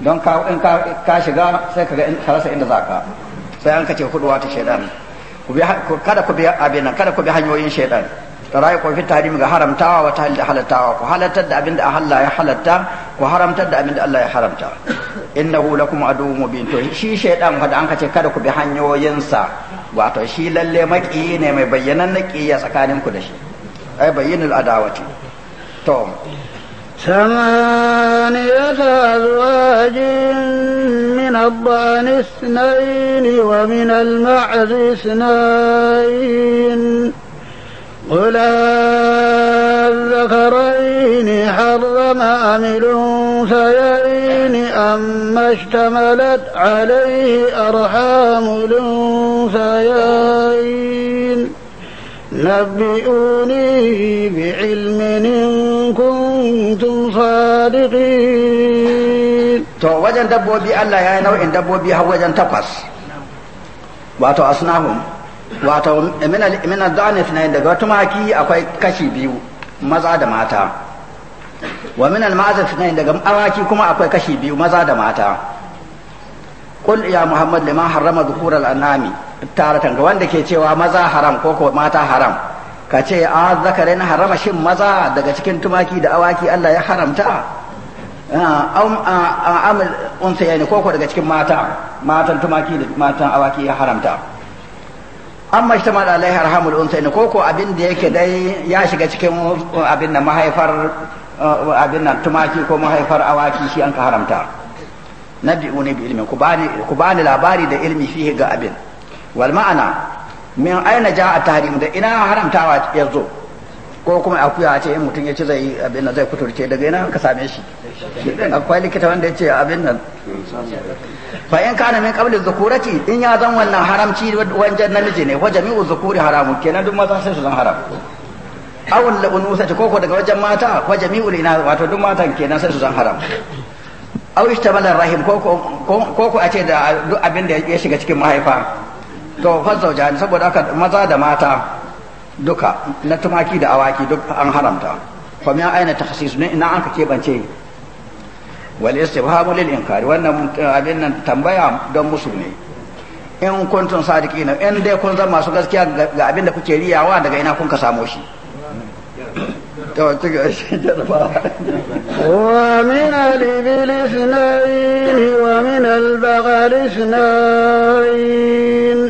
don ka in ka shiga sai ka ga rasa inda zaka sai an kace khudwat shaytan kada ku bi abin kada ku bi hanyoyin shaidan tarai ku fi tahrim ga haramtawa wa tahlil halattawa ku halattar da abin da Allah ya halatta ku haramtar da abin da Allah ya haramta innahu lakum aduwwun mubin to shi shaidan fa da an kace kada ku bi hanyoyinsa wato shi lalle maki ne mai bayyanan naqiya tsakanin ku da shi ai bayyinul adawati to ثمانية أزواج من الضأن اثنين ومن المعز اثنين قل الذكرين حرم أم الأنثيين أما اشتملت عليه أرحام الأنثيين نبئوني بعلم إن كنتم صادقين to wajen dabbobi Allah ya yi nau'in dabbobi har wajen takwas wato asnahum wato min al-da'ani sunayin daga tumaki akwai kashi biyu maza da mata wa min al-ma'azif daga awaki kuma akwai kashi biyu maza da mata qul muhammad liman harrama dhuhur al taratan ga wanda ke cewa maza haram ko ko mata haram ka ce a zakarin harama shin maza daga cikin tumaki da awaki Allah ya haramta a amil unsa yayin ko ko daga cikin mata matan tumaki da matan awaki ya haramta amma shi ta tamar alaihi arhamul unsa ne koko abin da yake dai ya shiga cikin abin nan mahaifar abin nan tumaki ko mahaifar awaki shi an ka haramta nabi'u ne bi ilmi ku bani ku bani labari da ilmi fihi ga abin wal ma'ana min aina ja a tahrim da ina haramtawa ya zo ko kuma akuya a ce in mutum ya ci zai abin nan zai kuturce daga ina ka same shi akwai likita wanda ya ce abin nan fa in kana min qabli zukurati? in ya zan wannan haramci wajen namiji ne wa jami'u zukuri haramun kenan duk maza sai su zan haram awul la unusati koko daga wajen mata wa jami'u ina wato duk matan kenan sai su zan haram aw ishtamala rahim koko koko a ce da duk abin da ya shiga cikin mahaifa to fazzauja ne saboda aka maza da mata duka na tumaki da awaki duk an haramta kuma ya aina hasisu ne ina an ka kebance wal istibhamu lil inkari wannan eh, abin nan tambaya don musu ne in sadiki sadiqina in dai kun zama masu gaskiya ga abin da kuke riyawa daga ina kun ka samo shi ومن الإبل اثنين ومن البغل اثنين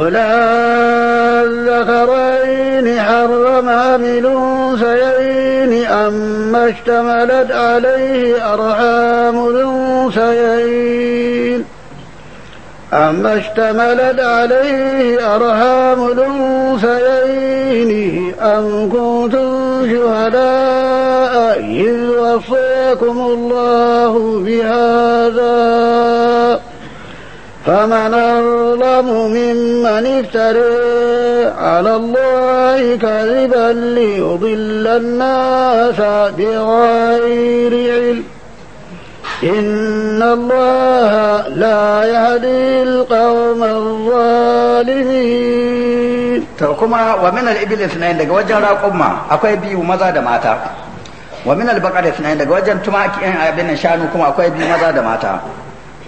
ولا الذكرين حرم عمل سيئين أما اشتملت عليه أرحام سيئين أما اشتملت عليه أرحام سيئين أم كنتم شهداء إذ وصيكم الله بهذا فمن أظلم ممن افترى على الله كذبا ليضل الناس بغير علم إن الله لا يهدي القوم kuma wa min al-ibil ithnain daga wajen raƙumma akwai biyu maza da mata wa min al-baqar ithnain daga wajen tumaki eh, abin shanu kuma akwai biyu maza da mata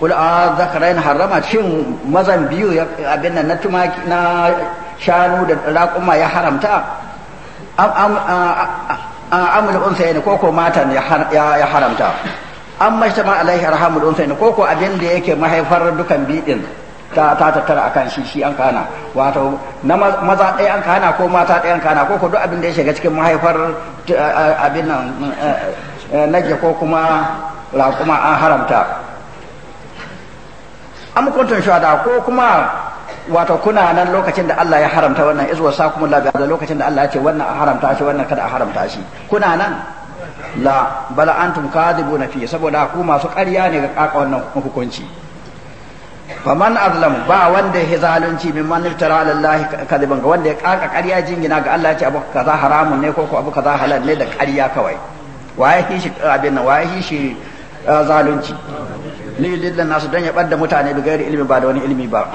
kul a zakarain harrama cin mazan biyu abin nan na tumaki na shanu da raƙuma ya haramta amul unsa ne koko matan ya haramta an ma alaihi arhamul unsa ne koko abin da yake mahaifar dukan bidin ta ta tattara akan shi shi an kana wato na maza ɗaya an kana ko mata ɗaya an kana koko duk abin da ya shiga cikin mahaifar abin nan eh, eh, eh, nage ko kuma raƙuma an haramta am kuntum shuhada ko kuma wato kuna nan lokacin da Allah ya haramta wannan izwa kuma Allah da lokacin da Allah ya ce wannan a haramta shi wannan kada a haramta shi kuna nan la bal antum kadibuna fi saboda ku masu ƙarya ne ga kaka wannan hukunci faman azlam ba wanda ya zalunci min man iftara ala Allah kadiban ga wanda ya kaka ƙarya jingina ga Allah ya ce abu kaza haramun ne ko ko abu kaza halal ne da ƙarya kawai waye shi abin nan waye shi eh, zalunci liyudilla nasu don ya ɓadda mutane bi gairi ilimi ba da wani ilimi ba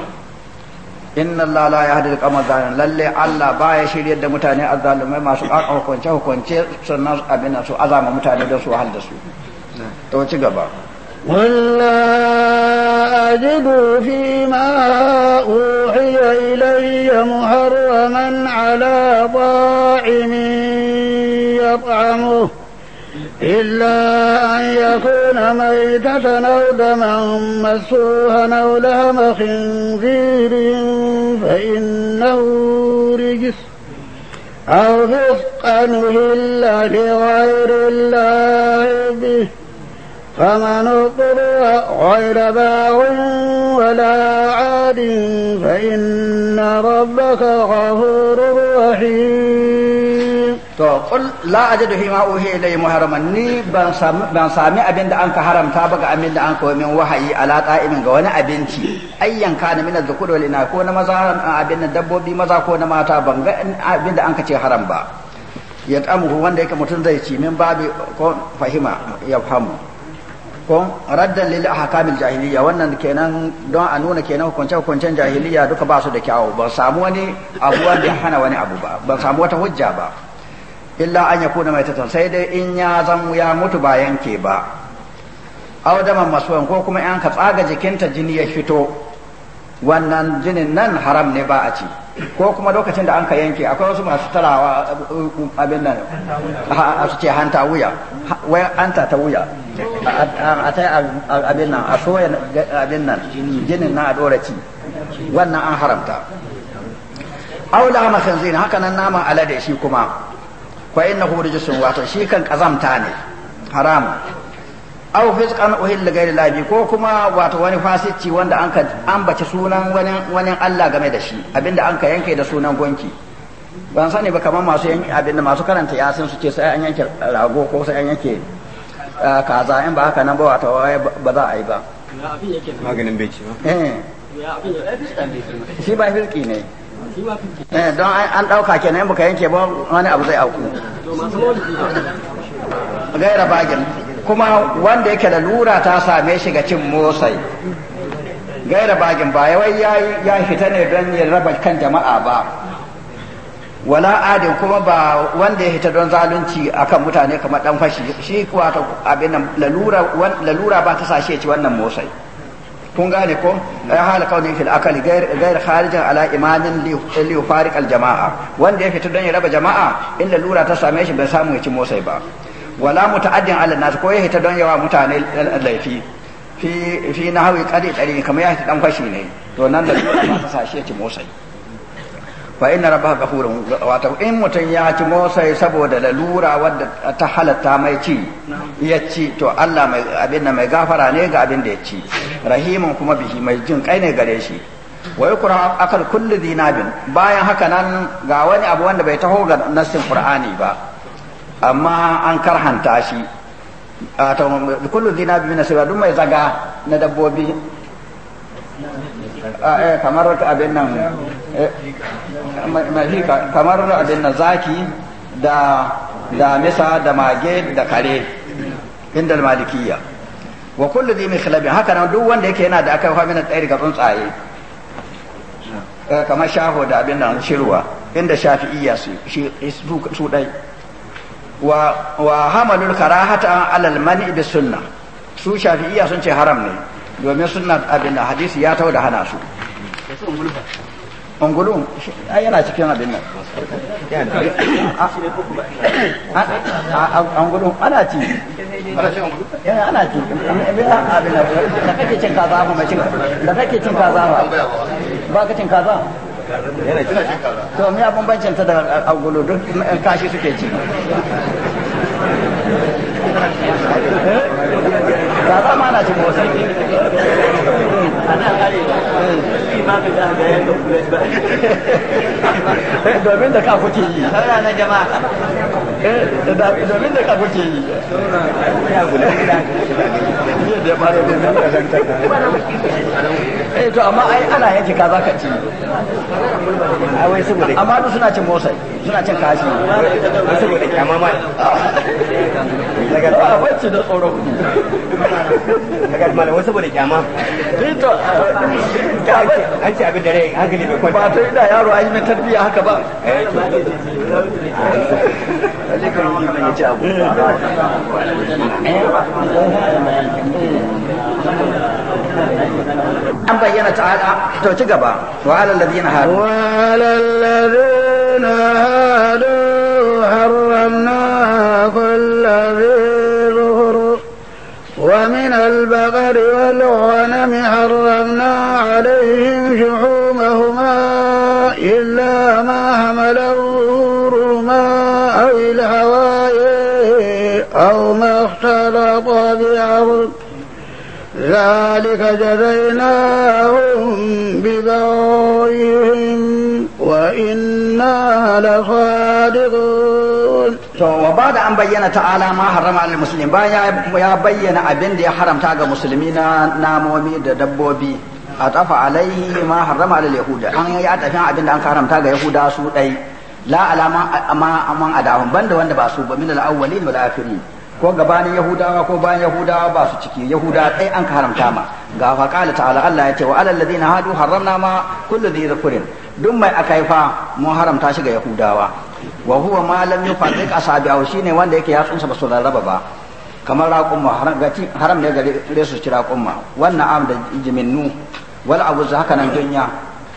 inna Allah la yahdi al-qawma zalim lalle Allah baya shiryar da mutane azzalumai masu ƙaƙa hukunce hukunce sannan abin su azama mutane da su wahal da su to ci gaba ولا أجد فيما أوحي إلي محرما على طاعم يطعمه إلا أن يكون ميتة أو دما مسوها أو لهم خنزير فإنه رجس أو فسقا أهل لغير الله به فمن اضطر غير باغ ولا عاد فإن ربك غفور رحيم to qul la ajadu hima uhi ilay muharraman ni ban sami abin da an ka haramta ba ga abin da an ko min wahayi ala qa'imin ga wani abinci ayyan kana min azkuru zukur wal ina ko na maza abin da dabbobi maza ko na mata ban ga abin an ka ce haram ba ya tamu wanda yake mutum zai ci min babi ko fahima ya fahimu ko raddan lil ahkamil jahiliya wannan kenan don a nuna kenan hukunce hukuncen jahiliya duka ba su da kyawu ban samu wani abu wanda hana wani abu ba ban samu wata hujja ba illa an ya kuna mai tattal sai dai in ya zan ya mutu ba yanke ba audaman masuwan ko kuma yan ka tsaga jikinta jini ya fito wannan jinin nan haram ne ba a ci ko kuma lokacin da an ka yanke akwai wasu masu tarawa abin nan a su ce hanta wuya wai hanta ta wuya a ta abin nan a soya abin nan jinin na a dora ci wannan an haramta aula masanzin haka nan naman alade shi kuma fa hu rijsun wato shi kan kazamta ne haram aw fisqan uhilla ghairi labi ko kuma wato wani fasici wanda an ka ambace sunan wani wani Allah game da shi abinda an ka yanke da sunan gonki ban sani ba kamar masu yanke abinda masu karanta yasin su ce sai an yanke rago ko sai an yanke kaza in ba haka nan ba wato ba za a yi ba maganin bai ci ba eh shi ba filki ne Eh, don an ɗauka kenan baka yanke ba wani abu zai auku gaira bagin kuma wanda yake da lura ta same shi ga cin motsai gaira bagin ba yawai ya yi fita ne don ya raba kan jama'a ba wala adin kuma ba wanda ya hita don zalunci akan mutane kamar dan fashi shi kuwa abin nan lalura ba ta sashe ci wannan motsai kun gane ko ya hala kaulin fil akali gair kharijin ala imanin li yufariq al jamaa wanda ya fita don ya raba jama'a inda lura ta same shi bai samu ya ci motsai ba wala muta'addin ala nas ko ya fita don yawa mutane laifi fi fi nahwi qadi dari kamar ya fita dan fashi ne to nan da lura *coughs* ta sa shi ya ci motsai fa inna rabbaka ghafurun wato in mutum ya ci motsai saboda lalura wadda ta halatta mai ci ya ci to Allah mai abin da mai gafara ne ga abin da ya ci rahimun kuma bihi mai jin kai ne gare shi wa yukra akal kulli dinabin bayan haka nan ga wani abu wanda bai taho ga nassin qur'ani ba amma an karhanta shi wato kullu dinabin min duk mai zaga na dabbobi ah, eh, kamar abin nan Eh, mafi kamar abin na zaki da da misa da mage da kare inda malikiya wa kullu dhi mikhlabin haka nan duk wanda yake yana da aka fa min tsayi ga tsuntsaye eh, kamar shaho da abin nan shirwa inda shafi'iyya su su dai wa wa hamalul karahata alal man'i bis sunnah su shafi'iyya sun ce haram ne domin sunna abin hadisi ya tau da hana su ungulu yana cikin abin nan ungulu ana ci ana ci abin nan da kake cin kaza ba mai cin da kake cin kaza ba ba ka cin kaza to me abun bambancin ta da ungulu duk kashi suke ci eh? kaza ma na cin wasu *laughs* Eh, domin da ka kuke yi eh, domin da ka kuke yi eh, to amma ai ana yanke ka za ka ci ai suna cin suna cin kashi saboda kyamama *laughs* wacce da tsoro daga wasu bude kyama eh, to an ce abin da rai hankali bai kwanta ba to ina yaro an yi mai tarbiyya haka ba eh, an bayyana ta'ala to ci gaba wa alal ladina hadu wa alal hadu harram ومن البقر والغنم حرمنا عليهم شحومهما إلا ما حمل ما أو الحوايا أو ما اختلط بعرض ذلك جزيناهم ببغيهم وإنا لصادقون to wa ba da an bayyana ta'ala ma harama al muslim bayan ya bayyana abin da ya haramta ga musulmi na namomi da dabbobi a tafa alaihi ma harama al yahuda an ya tafi abin da an haramta ga yahuda su dai la alama amma amman adahum banda wanda ba su ba min al awwalin wal akhirin ko gabanin yahudawa ko bayan yahudawa ba su ciki yahuda ɗaya an haramta ma ga fa qala ta'ala Allah ya ce wa alal ladina hadu haramna ma kullu dhi dhikrin duk mai akaifa mun haramta shi ga yahudawa wa huwa ma lam yufarriq asabi'ahu shine wanda yake yatsunsa ba su rarraba ba kamar raƙumma haram ne gare su ci raƙumma wannan am da jiminnu wal abuz haka nan dunya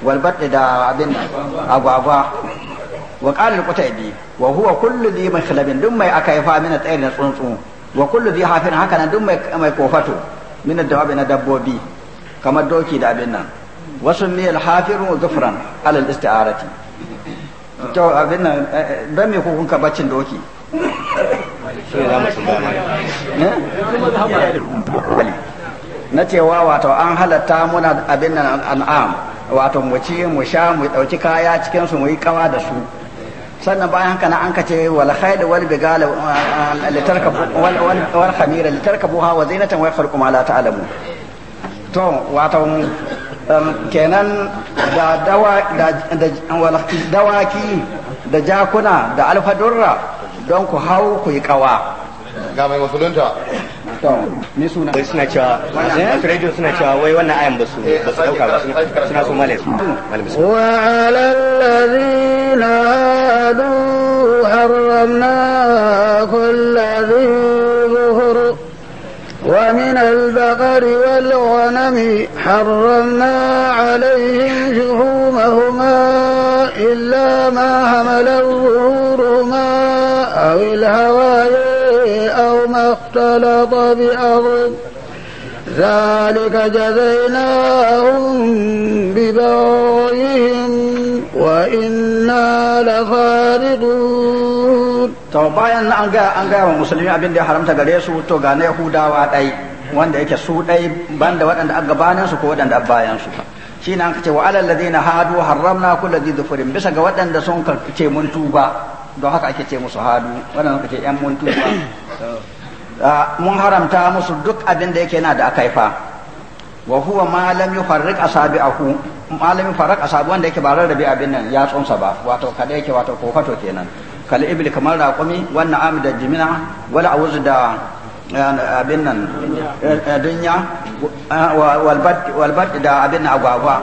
wal badd da abin agwagwa wa qala al qutaybi wa huwa kullu dhi mikhlabin duk mai akaifa yafa min tsayir na tsuntsu wa kullu dhi hafin haka nan duk mai mai kofato min dawabi na dabbobi kamar doki da abin nan wasu miyal hafirun zufran alal isti'arati to abin nan eh, eh, don mai hukunka ka baccin doki eh? na cewa wato an halatta muna abin nan an'am wato mu ci mu sha mu dauki kaya cikin su mu yi kawa da su sannan bayan haka na an kace wal khaid wal bigal litarkabu wal wal khamira litarkabuha wa zinatan wa khalqu ma la ta'lamu to wato kenan da dawaki da jakuna da alfadurra don ku hau ku yi kawa ga mai musulunta to suna wai suna cewa masu eh, radio suna cewa wai wannan ayan ba su eh, dauka ba suna so malam wa na hadu harramna kullu من البقر والغنم حرمنا عليهم شحومهما إلا ما حمل ظهورهما أو الهوى أو ما اختلط بأرض ذلك جزيناهم ببغيهم وإنا لصادقون to bayan an ga an ga wa musulmi abin da ya haramta gare su to ga na yahudawa dai wanda yake su dai banda waɗanda a gabanin su ko waɗanda a bayan su shi na ce wa alal ladina hadu harramna kullu dhi dhufrin bisa ga waɗanda sun ce mun tuba don haka ake ce musu hadu waɗanda suka yan mun tuba *coughs* Ah, mun haramta musu duk abin da yake yana da aka akaifa wa huwa ma lam yufarriq asabi'ahu ma lam yufarriq asabi wanda yake ba rarrabe abin nan ya tsonsa ba wato kada yake wato kokato kenan kal ibil kamar raqumi wannan amid da jimina wala awuz da eh, abin nan eh, dunya eh, wal bad da abin nan agwagwa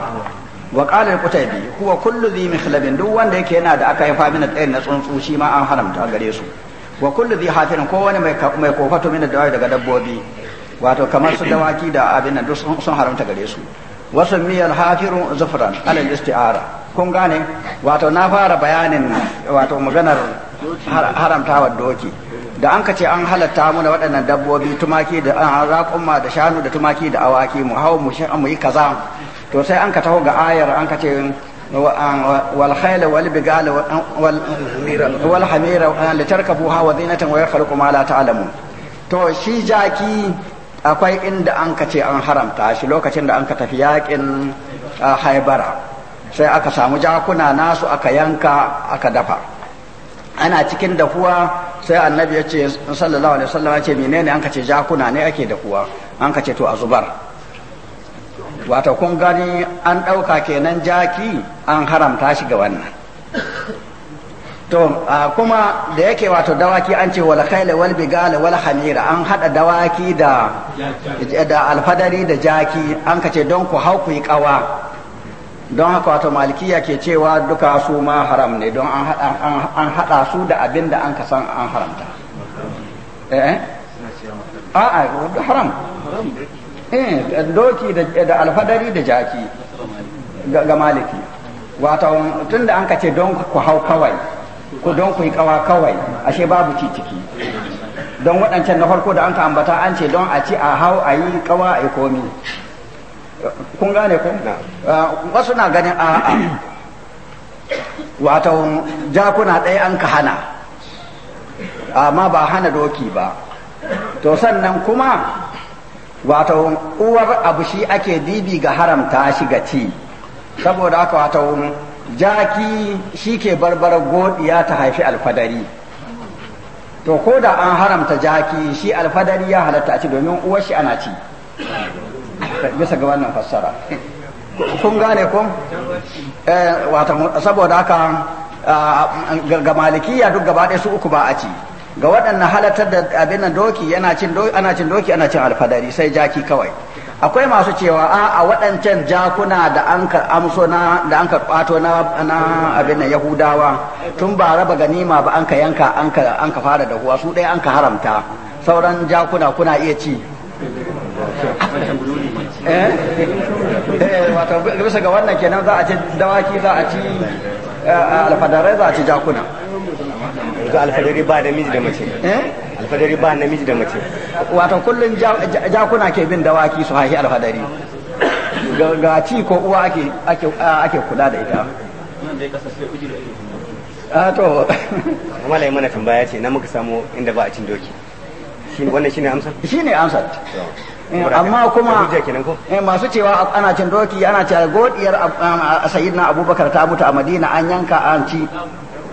wa qala al-qutaybi huwa kullu dhi mikhlabin duk wanda yake yana da akaifa min al-tsayin na tsuntsu shi ma an haramta gare su wa kullu dhi hafin ko wani mai mai kofato min da daga dabbobi wato kamar su dawaki da abin nan duk sun haramta gare su wasu miyar hafirun zufran alal isti'ara kun gane wato na fara bayanin wato maganar haramtawa doki da an ce an halatta muna waɗannan dabbobi tumaki da ah, raƙumma da shanu da tumaki da awaki mu hau mu yi kaza to sai an ka taho ga ayar an ka ce والخيل والبقال والحمير لتركبوها وزينة ويخلق ما لا تعلمون to shi جاكي akwai inda an ka an haramta shi lokacin da an ka tafi yakin haibara sai aka samu jakuna nasu aka yanka aka dafa ana cikin dahuwa sai annabi ya ce sallallahu alaihi wasallam ya ce menene an jakuna ne ake an to a zubar wato kun gani an ɗauka kenan jaki an haramta shi ga wannan to kuma da yake wato dawaki an ce wal khayla wal bigala wal hamira an hada dawaki da da alfadari da jaki an kace don ku hau ku yi kawa don haka wato malikiya ke cewa duka su ma haram ne don an hada su da abin da an kasan an haramta eh a haram Eh, doki da alfadari da jaki ga maliki wato tun da an ka ce don ku hau kawai ku don ku yi kawa kawai ashe babu ci ciki don waɗancan na farko da an ka ambata an ce don a ci a hau a yi kawa a yi komi kun gane ku ah, wasu na ganin a ah, ah. wato jakuna ɗaya an ka hana amma ba hana doki ba to sannan kuma wato uwar abu shi ake dibi ga haramta shi ga ci saboda aka wato jaki shi ke barbara godiya ta haifi alfadari to ko da an haramta jaki shi alfadari ya halatta ci domin uwar shi ana ci bisa ga wannan fassara kun gane ko eh, wato saboda haka ah, ga malikiya duk gaba ɗaya su uku ba a ci ga waɗanda halatar da abin nan doki yana cin doki ana cin doki ana cin alfadari sai jaki kawai akwai masu cewa a a waɗancan jakuna da an ka amso na da an ka kwato na na abin nan yahudawa tun ba raba ganima ba an ka yanka an ka an ka fara dahuwa su ɗaya an ka haramta sauran jakuna kuna iya ci *laughs* eh? eh wato bisa ga wannan kenan za a ci dawaki za a ci eh, alfadarai za a ci jakuna yanzu alfadari ba namiji da mace eh? alfadari ba namiji da mace wato kullum jakuna ke bin dawaki su haihi alfadari ga ci ko uwa ake kula da ita a to malai mana tambaya ce na muka samu inda ba a cin doki wannan shine amsar shine amsar eh, amma kuma eh, masu cewa ana cin doki ana cewa godiyar um, um, sayyidina abubakar ta mutu a madina an yanka an ci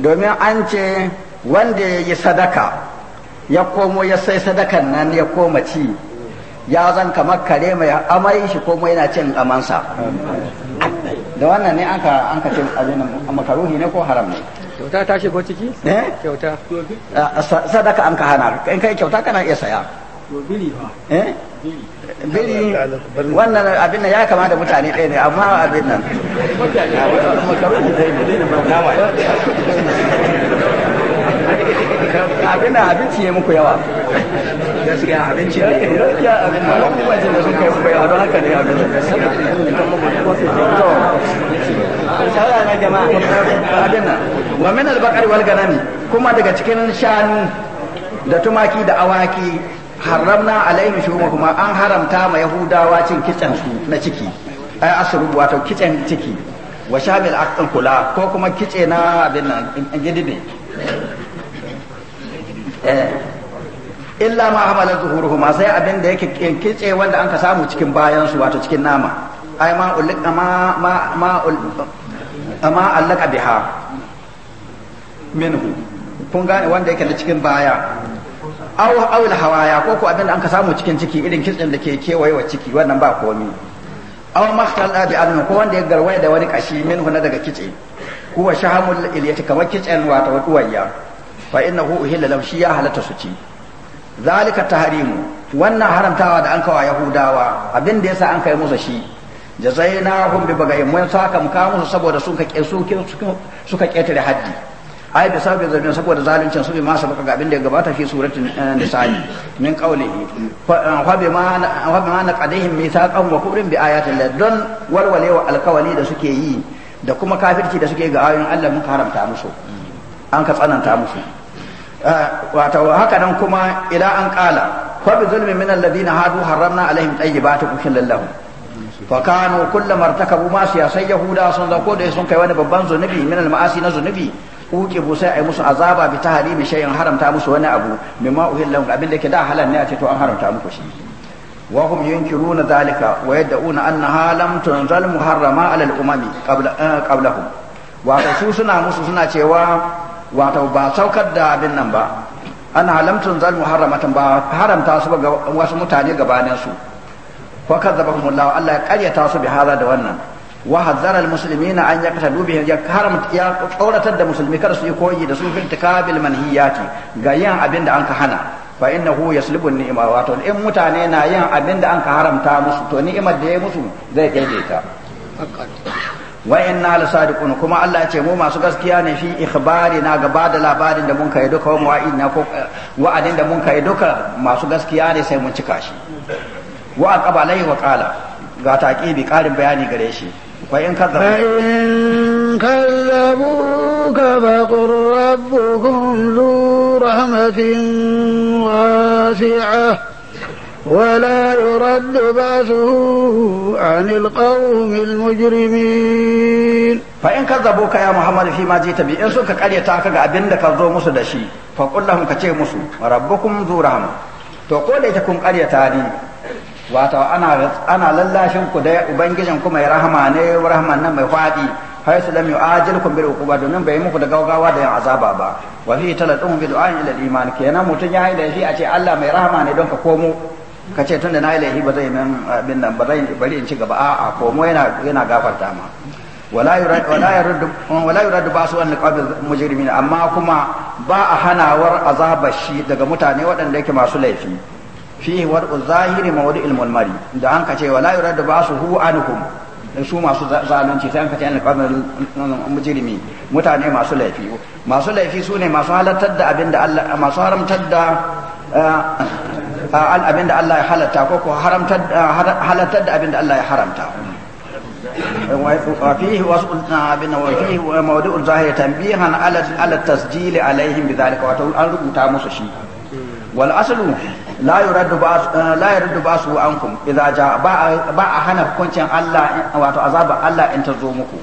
domin an ce wanda ya yi sadaka ya komo ya sai sadakan nan ya koma ci ya zan kamar kare mai amai shi komo yana cin amansa da wannan ne an ka cin abin makaruhi ne ko haram ne kyauta ta shigo ciki eh kyauta sadaka an ka hana in kai kyauta kana iya saya eh biri wannan abin nan ya da mutane ɗaya ne amma abin nan abin nan abinci ya muku yawa ne abin muku yawa wa min al wal ganami kuma daga cikin shanu da tumaki da awaki haramna alaihim kuma an haramta ma yahudawa cin kitsen su na ciki ai asrub wato kitsen ciki wa shamil aqan kula ko kuma kitse na abin nan gidibe eh illa ma hamala zuhuruhuma sai abin da yake kitse wanda an ka samu cikin bayan su wato cikin nama ai ma ulq ma ma ma ma allaka biha minhu kun gane wanda yake da cikin baya Au awil hawaya ko ko abin an ka samu cikin ciki irin kitsin da ke kewaye wa ciki wannan ba komi aw maktal abi annu ko wanda ya garwaya da wani kashi min huna daga kitse wa shahamul ilyati kamar kitsen wato waduwayya fa innahu uhilla lahu shi ya halatta su ci zalika tahrimu wannan haramtawa da an wa yahudawa abin da yasa an kai musu shi jazainahum bi bagayin mun saka muka musu saboda sun ka suka ketare haddi ai da sabbin zalmin saboda zaluncin su bi ma sabaka ga abin da ya gabata fi suratul eh, nisa'i min qawlihi fa bi ma na bi ma naqadihim mithaqan wa kubrin bi ayatin la don walwalewa alkawali da suke yi da kuma kafirci da suke ga ayoyin Allah mun haramta musu an ka tsananta musu eh, wato haka nan kuma idan an qala fa bi zulmi min alladhina hadu harramna alaihim tayyibatin ukhillan lahum fakanu kullum martakabu ma siyasai yahuda sun zako da sun kai wani babban zunubi min alma'asi na zunubi uke bu sai ai musu azaba bi tahrimi shay'in haramta musu wani abu mimma uhillahu abin da ke da halal ne a ce to an haramta muku shi wa hum yunkiruna zalika wa yad'una annaha lam tunzal muharrama ala al-umami qabla eh, qablahum wato su suna musu suna cewa wato ba saukar da abin nan ba ana halamtun zal muharramatan ba haramta su ga wasu mutane gabanin su fa kadzabahumullahu Allah ya karyata su bi hada da wannan wa hazzara almuslimina an yaqtadu bihi ya haramta ya tsoratar da musulmi kar su yi koyi da su fil tikabil manhiyati ga yin abin da anka hana fa innahu yaslubu ni'ma wato in mutane na yin abin da anka haramta musu to ni'imar da ya musu zai daidaita wa inna la kuma Allah ya ce mu masu gaskiya ne fi ikhbari na gaba da labarin da mun kai duka wa mu'aidina ko wa'adin da mun kai duka masu gaskiya ne sai mun cika shi wa aqaba wa qala ga taqibi karin bayani gare shi فإن كذبوك فإن كذبوك فقل ربكم ذو رحمة واسعة ولا يرد بأسه عن القوم المجرمين فإن كذبوك يا محمد فيما جئت به إن سوك قال يتاك أبن لك الزو مسو دشي فقل لهم كتير مسو ربكم ذو رحمة تقول لتكم قال يتاني wato ana lallashin ku da ubangijin ku mai rahama ne rahman nan mai fadi hay su lam yu'ajilkum bil uquba domin bai muku da gaugawa da yin azaba ba wa fi taladun bi du'a ila iman kenan mutun ya haida shi a ce Allah mai rahama ne don ka komo ka ce tunda na ilahi ba zai nan abin nan ba zai bari in ci gaba a komo yana yana gafarta ma wala yurad wala yurad wala yurad basu amma kuma ba a hanawar azabar shi daga mutane waɗanda yake masu laifi fihi wad'u zahiri mawdu ilmul mari da an kace wala yuradu ba'suhu anhum su masu zalunci sai an kace an qamar mujrimi mutane masu laifi masu laifi sune masu halartar da abinda Allah masu haramtar da eh, al Allah ya halatta ko ko haramtar eh, halattar da abinda Allah ya haramta وفيه وصف بن وفيه موضوع ظاهر تنبيها على على التسجيل عليهم la yuraddu ba su eh, ankum idza ba a hana hukuncin Allah wato azaba Allah in zo muku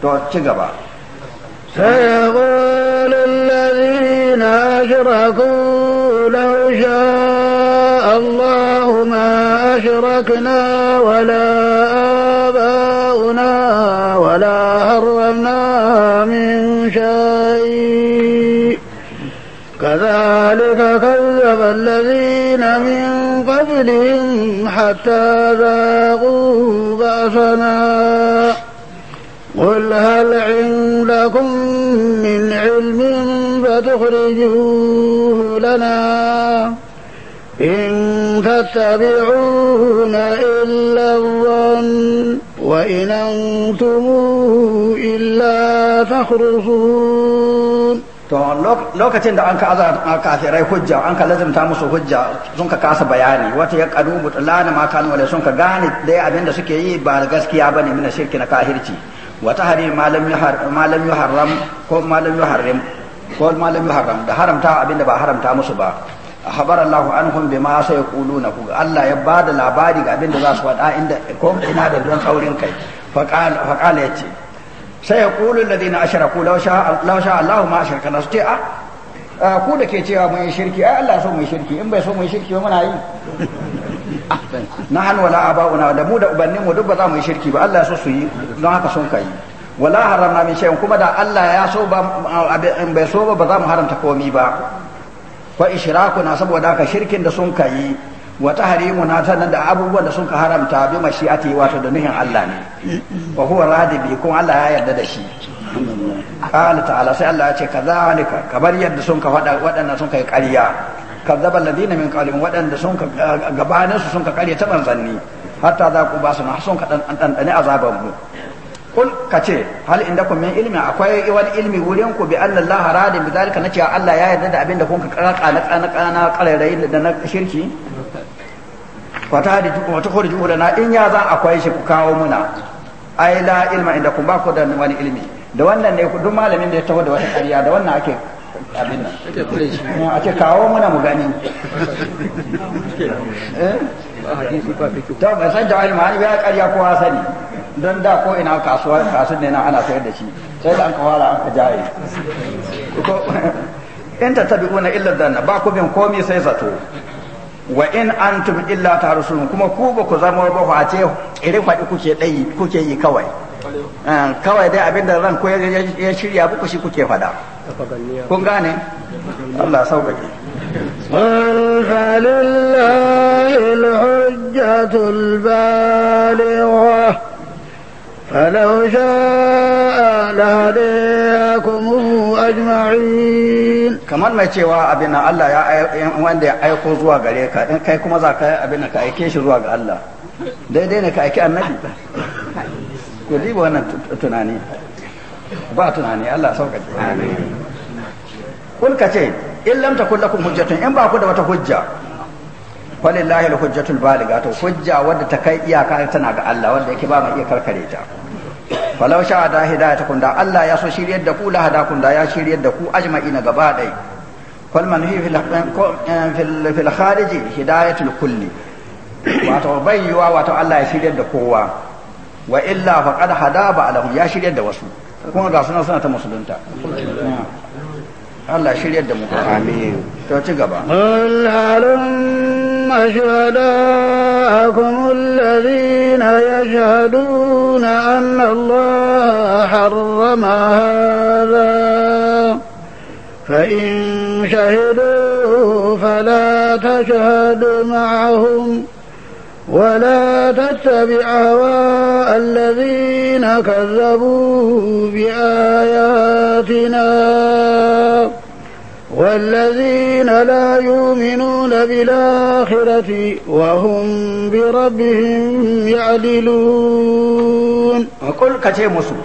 to ci gaba سيقول الذين أشركوا لو شاء الله ما أشركنا ولا آباؤنا ولا حرمنا من شيء كذلك كذب الذين من قبلهم حتى ذاقوا بأسنا قل هل عندكم من علم فتخرجوه لنا إن تتبعون إلا الظن وإن أنتم إلا تخرصون to lokacin da an ka aza kafirai hujja an ka lazimta musu hujja sun ka kasa bayani wata ya kadu butlana ma kanu wale sun ka gane dai abin da suke yi ba gaskiya bane mina shirki na kahirci wata hari malam yuharram ko malam yuharrim ko malam yuharram da haramta abin da ba haramta musu ba habar Allah anhum bima sayquluna ku Allah ya bada labari ga abin da za su faɗa inda ko ina da don saurin kai faqala faqala yace sayaqulu alladhina ashraku law sha'a law sha'a Allahu ma ashrakna su ce a ku da ke cewa mun yi shirki ai Allah so mun shirki in bai so mun shirki ba muna yi na han wala aba'una da mu da ubannin mu duk ba za mu yi shirki ba Allah so su yi don haka sun kai wala haramna min shay'in kuma da Allah ya so ba in bai so ba ba za mu haramta komai ba fa ishrakuna saboda haka shirkin da sun kai wa tahrimu na sanan da abubuwan da sun ka haramta bi mashi'ati wato da nihin Allah ne wa huwa radi bi kun Allah ya yarda da shi qala ta'ala sai Allah ya ce kadhalika kabar yadda sun ka faɗa waɗannan sun kai ƙarya kazzaba alladhina min qablihim waɗanda sun ka gabanin su sun ka ƙarya ta manzanni hatta za ku ba su na sun ka dan dan azaban mu ka kace hal kun min ilmi akwai wani ilmi wurin ku bi anna Allah radi bi dalika nace Allah ya yarda da abin da kun ka kana kana kana da na shirki wata da na in ya zan akwai shi ku kawo muna ai la ilma inda ku ba ku da wani ilmi da wannan ne duk malamin da ya taho da wata ƙarya da wannan ake abin nan ake kawo muna mu gani *laughs* eh? to ba san ilma ma'ani ba ƙarya ko sani don da ko ina kasuwa kasu ne na ana sayar da shi sai da an kawala an ka jaye *laughs* in ta tattabi'una illa danna ba ku bin komai sai zato wa in antum illa tarusun kuma ku ba ku zama ba ku a ce irin faɗi kuke ɗayi kuke yi kawai eh, kawai dai abin da ran ko ya shirya ku shi kuke faɗa kun gane Allah sauƙaƙe فلله الحجة البالغة فلو شاء لهديكم أجمعين كمان ما cewa abin Allah ya wanda ya aiko zuwa gare ka kai kuma za ka abin ka aike shi zuwa ga Allah daidai ne ka aiki annabi ku diba wannan tunani ba tunani Allah sauƙaƙe kun ka ce in lam takun lakum hujjatun in ba ku da wata hujja falillahi alhujjatul baligatu hujja wadda ta kai iyaka tana ga Allah wanda yake ba mai iya karkare ta falau sha da da Allah ya so shiryar da ku la hadakum da ya shiryar da ku ajma'ina gaba ɗaya fal eh, fil fil hidayatul kulli wato bai wato Allah ya shiryar da kowa wa illa faqad hada ya shiryar da wasu kuma ga suna suna ta musulunta Allah shiryar da mu amin to ci gaba qul halum ashhadakum alladhina yashhaduna anna Allah harrama hadha فإن شهدوا فلا تشهد معهم ولا تتبع هواء الذين كذبوا بآياتنا والذين لا يؤمنون بالآخرة وهم بربهم يعدلون وقل كتير مسلم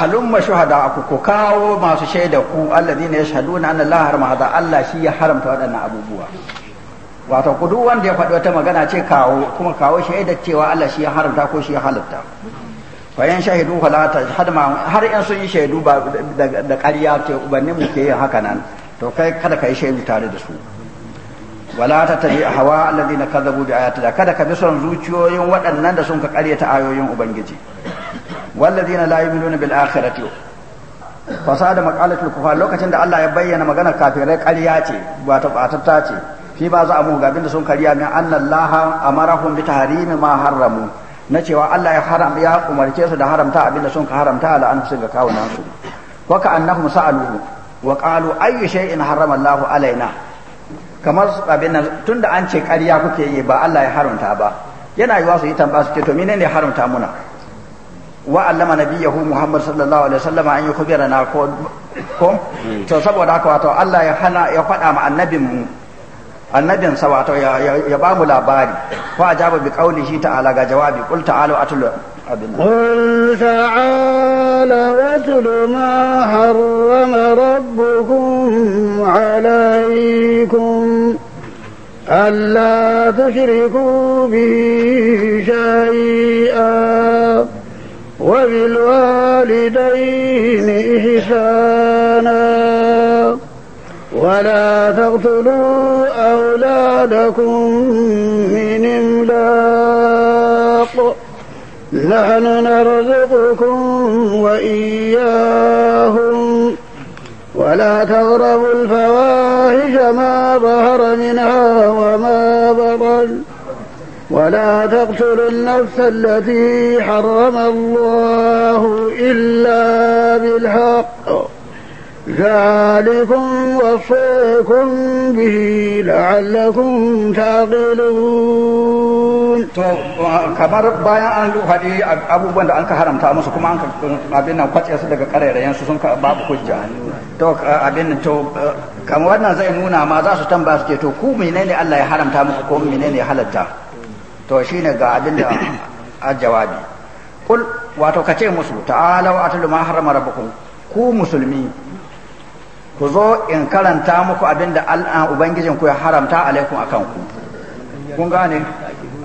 halumma shuhada ku ku kawo masu shaida ku alladhina yashhaduna anna allaha harama Allah shi ya haramta waɗannan abubuwa wato ku duk wanda ya faɗi wata magana ce kawo kuma kawo shaidar cewa Allah shi ya haramta ko shi ya halatta fa yan shahidu fala ta ma har in sun yi shaidu ba da ƙarya ce ubanni mu ke yin haka nan to kai kada ka yi shaidu tare da su wala ta tabi hawa alladhina kadzabu bi da kada ka bi son zuciyoyin waɗannan da sun ka ƙaryata ayoyin ubangiji walladhina la yu'minuna bil akhirati fasada maqalatul kufar lokacin da Allah ya bayyana maganar kafirai ƙarya ce ba ta ce fi ba za abu ga abinda sun kariya min annallaha amarahum bi tahrimi ma harramu na cewa Allah ya haram ya umarce su da haramta abinda sun ka haramta ala su ga kawunan su wa ka annahum sa'aluhu wa qalu ayyu shay'in harrama Allahu alaina kamar abinda tunda an ce kariya kuke yi ba Allah ya haramta ba yana yiwa su yi tamba su ce to menene haramta muna wa allama nabiyahu Muhammad sallallahu alaihi wasallam an yukhbirana ko ko hmm. to saboda haka wato Allah ya hana ya faɗa ma annabin mu annabin sa wato ya ba mu labari fa ajaba bi qaulihi ta'ala ga jawabi qul ta'alu atul abin qul ta'ala atul ma harrama rabbukum alaykum ألا تشركوا به شيئا وبالوالدين إحسانا ولا تقتلوا أولادكم من إملاق نحن نرزقكم وإياهم ولا تغربوا الفواحش ما ظهر منها وما بطن ولا تقتلوا النفس التي حرم الله إلا بالحق ذلكم وصيكم به لعلكم تعقلون to kamar bayan an luhadi abubuwan da an ka haramta musu kuma an ka abin nan kwace su daga karairayen su sun ka babu hujja to abin nan to kamar wannan zai nuna ma za su tambaya su ce to ku menene Allah ya haramta muku ko menene ya halatta to shine ga abin da a jawabi kul wato kace musu ta'alau atlu ma harama rabbukum ku musulmi ku zo in karanta muku abin da ubangijin ku ya haramta alaikum a kanku. kun gane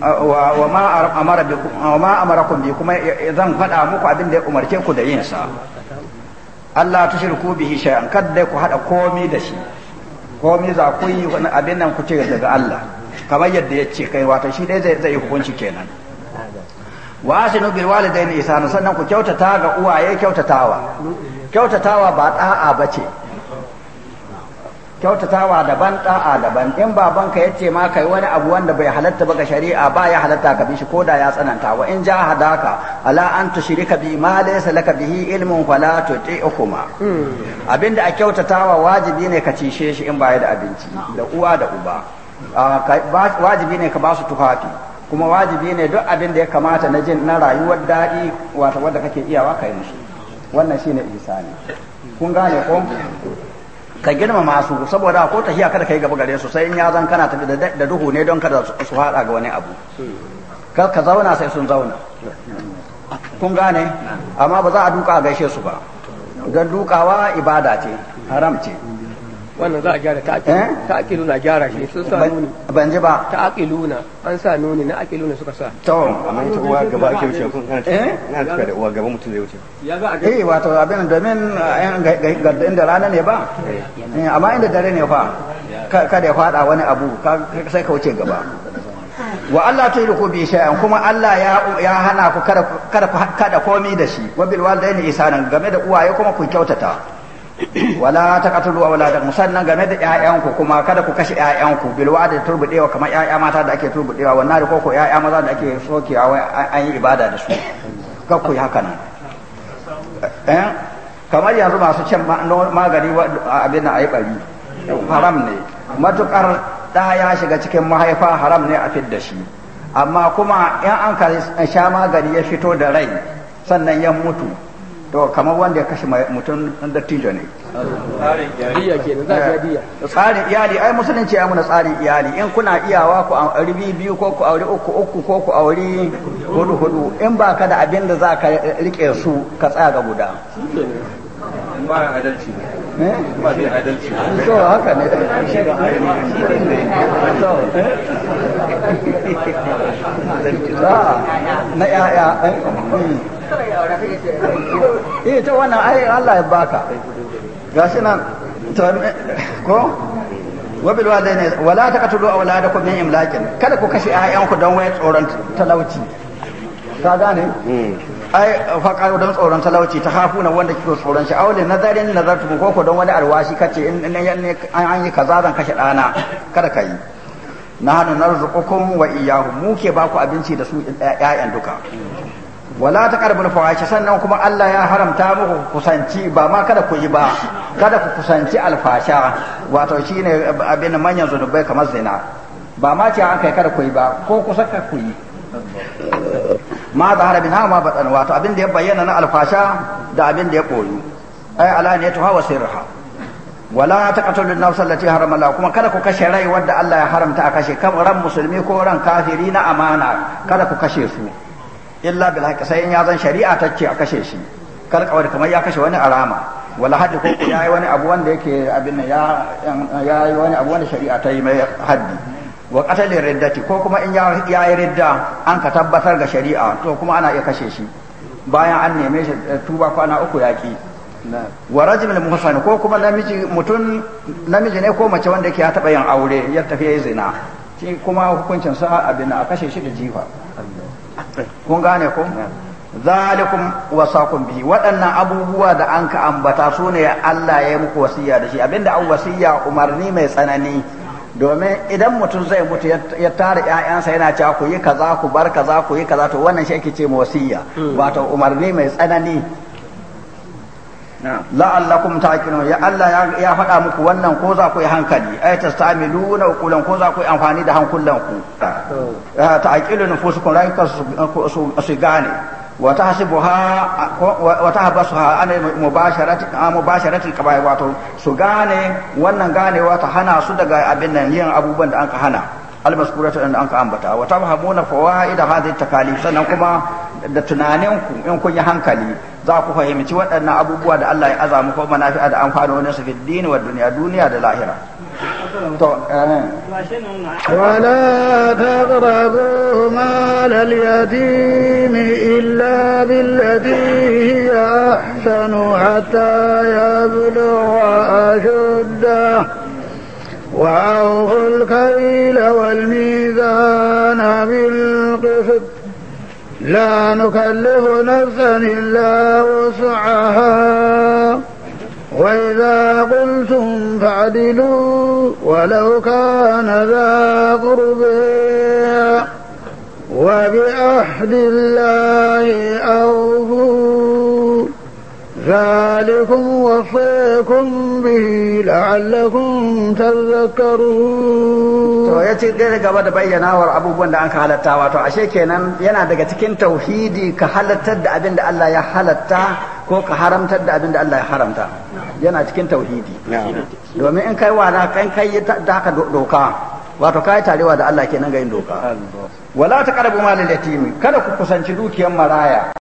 wa ma amara bi wa ma kuma zan faɗa muku abin da ya umarce ku da yin sa Allah shirku bihi shay'an kadda ku hada komi da shi komi za ku yi abin nan ku ce daga Allah kamar yadda ya ce kai wato shi dai zai hukunci kenan wa asinu bil isa ihsana sannan ku kyautata ga uwaye kyautatawa kyautatawa ba da'a bace kyautatawa daban da'a daban in babanka ya ce ma kai wani abu wanda bai halatta ba ga shari'a ba ya halatta ka bi shi koda ya tsananta wa in jahadaka ala an tushrika bi ma laysa laka bihi ilmun fala tuti'huma hmm. abinda a kyautatawa wajibi ne ka cishe shi in baya da abinci da uwa da uba wajibi ne ka ba su tufafi kuma wajibi ne duk abin da ya kamata na jin na rayuwar daɗi wata wadda kake iyawa kai musu wannan shine isani kun gane ko ka girmama su saboda ko tafiya kada kai gaba gare su sai in ya zan kana tafi da duhu ne don kada su haɗa ga wani abu ka zauna sai sun zauna kun gane amma ba za a duka a gaishe su ba don dukawa ibada ce haram ce wannan za a gyara ta akilu eh? na gyara shi sun sa nuni ban ji ba ta akilu na an sa nuni na akilu na suka sa to amma ita uwa gaba ake wuce kun kana tuka eh? da uwa gaba mutum zai wuce ya za a eh wato abin domin eh, ga inda rana ne ba amma inda dare ne fa kada ya fada wani abu sai ka wuce gaba wa Allah ta yi bi shay'an kuma Allah ya hana ku kada komi da shi wa bil waldaini isanan game da uwaye kuma ku kyautata wala ta wala ta musanna game da ƴaƴanku kuma kada ku kashe ƴaƴanku bil wa'ad da turbudewa kamar ƴaƴa mata da ake turbudewa wannan da koko ƴaƴa maza da ake sokewa wai an yi ibada da su kar ku yi haka nan eh kamar yanzu masu cin magani abin da ayi bari haram ne matukar da ya shiga cikin mahaifa haram ne a fidda shi amma kuma in an sha magani ya fito da rai sannan ya mutu to kamar wanda ya kashe mutum tijo ne eh, tsarin iyali ai musulunci ya muna tsarin iyali in kuna iyawa ku a ribi biyu ko ku auri uku uku ko ku auri hudu hudu in ba ka da abin da za ka rike su ka tsaya ga guda ba adalci eh? ba zai adalci so haka ne eh? ah, na ya'ya eh wannan ai Allah ya baka gashi nan ko wa wadaini wala taqtulu awladakum min imlakin kada ku kashe ayyanku don tsoron talauci ka gane hmm. ai don tsoron talauci ta hafu na wanda kike tsoron shi nazarin nazartu ko ko don wani alwashi kace in an yi kaza zan kashe dana kada kai nahnu narzuqukum wa mu baku abinci da su ƴaƴan duka wala ta karbul fawahisha sannan kuma Allah ya haramta muku kusanci ba ma kada ku yi ba kada ku kusanci alfasha wato shine abin manyan zunubai kamar zina ba ma ce an kai kada ku yi ba ko kusa ka ku yi ma da harabin ha ma batan wato abin da ya bayyana na alfasha da abin da ya koyu ai ala ne tuha wa sirha wala taqtulu an-nafs allati harama Allah kuma kada ku kashe rai wadda Allah ya haramta a kashe kan ran musulmi ko ran kafiri na amana kada ku kashe su illa bil haqqi sai in ya zan shari'a ta ce a kashe shi kar kawar kamar ya kashe wani arama wala haddi ko ya yi wani abu wanda yake abin ya ya yi wani abu wanda shari'a ta yi mai haddi wa qatali riddati ko kuma in ya yi ridda an ka tabbatar ga shari'a to kuma ana iya kashe shi bayan an neme shi eh, tuba kwana uku yaki wa rajul muhsan ko kuma namiji mutun namiji ne ko mace wanda yake ya taba yin aure ya tafi yayi zina shi kuma hukuncin sa abin a kashe shi da jifa Eh, kun gane ku eh. zalikum wasakum bihi waɗannan abubuwa da an ka ambata su ne Allah ya yi muku wasiya da shi abinda an wasiya umarni mai tsanani domin idan mutum zai mutu ya tara ƴaƴansa yana cewa ku yi kaza ku bar kaza ku yi kaza to wannan shi ake ce wasiya hmm. wato umarni mai tsanani la'allakum ta'qilun ya Allah ya faɗa muku wannan ko za ku yi hankali ay tastamiluna qulan ko za ku yi amfani da hankulan ku ah, ta'qilun fusukum ra'ika su gane wa tahsibuha wa tahbasuha an mubasharati mubasharati kabai wato su gane wannan ganewa ta hana su daga abin nan yin abubuwan da an ka hana almaskuratu an ka ambata wa tahamuna fawaid hadhihi takalif sannan kuma da tunaninku in kun yi hankali za ku fahimci waɗannan abubuwa da Allah ya aza muku manafi'a da amfanonin su fid dini wa duniya duniya da lahira to wala taqrabu mal al yatim illa billati hiya ahsanu hatta yablugha ashuddah وأوفوا الكيل والميزان بالقسط لا نكلف نفسا إلا وسعها وإذا قلتم فعدلوا ولو كان ذا قربا وبعهد الله أوفوا ذلكم وصيكم به لعلكم تذكرون to yace dai gaba da bayyanawar abubuwan da an ka halatta wato ashe kenan yana daga cikin tauhidi ka halattar da abin da Allah ya halatta ko ka haramtar da abin da Allah ya haramta yana cikin tauhidi domin in kai wala kan kai da haka doka wato kai tarewa da Allah kenan ga yin doka wala taqrabu kada ku kusanci dukiyar maraya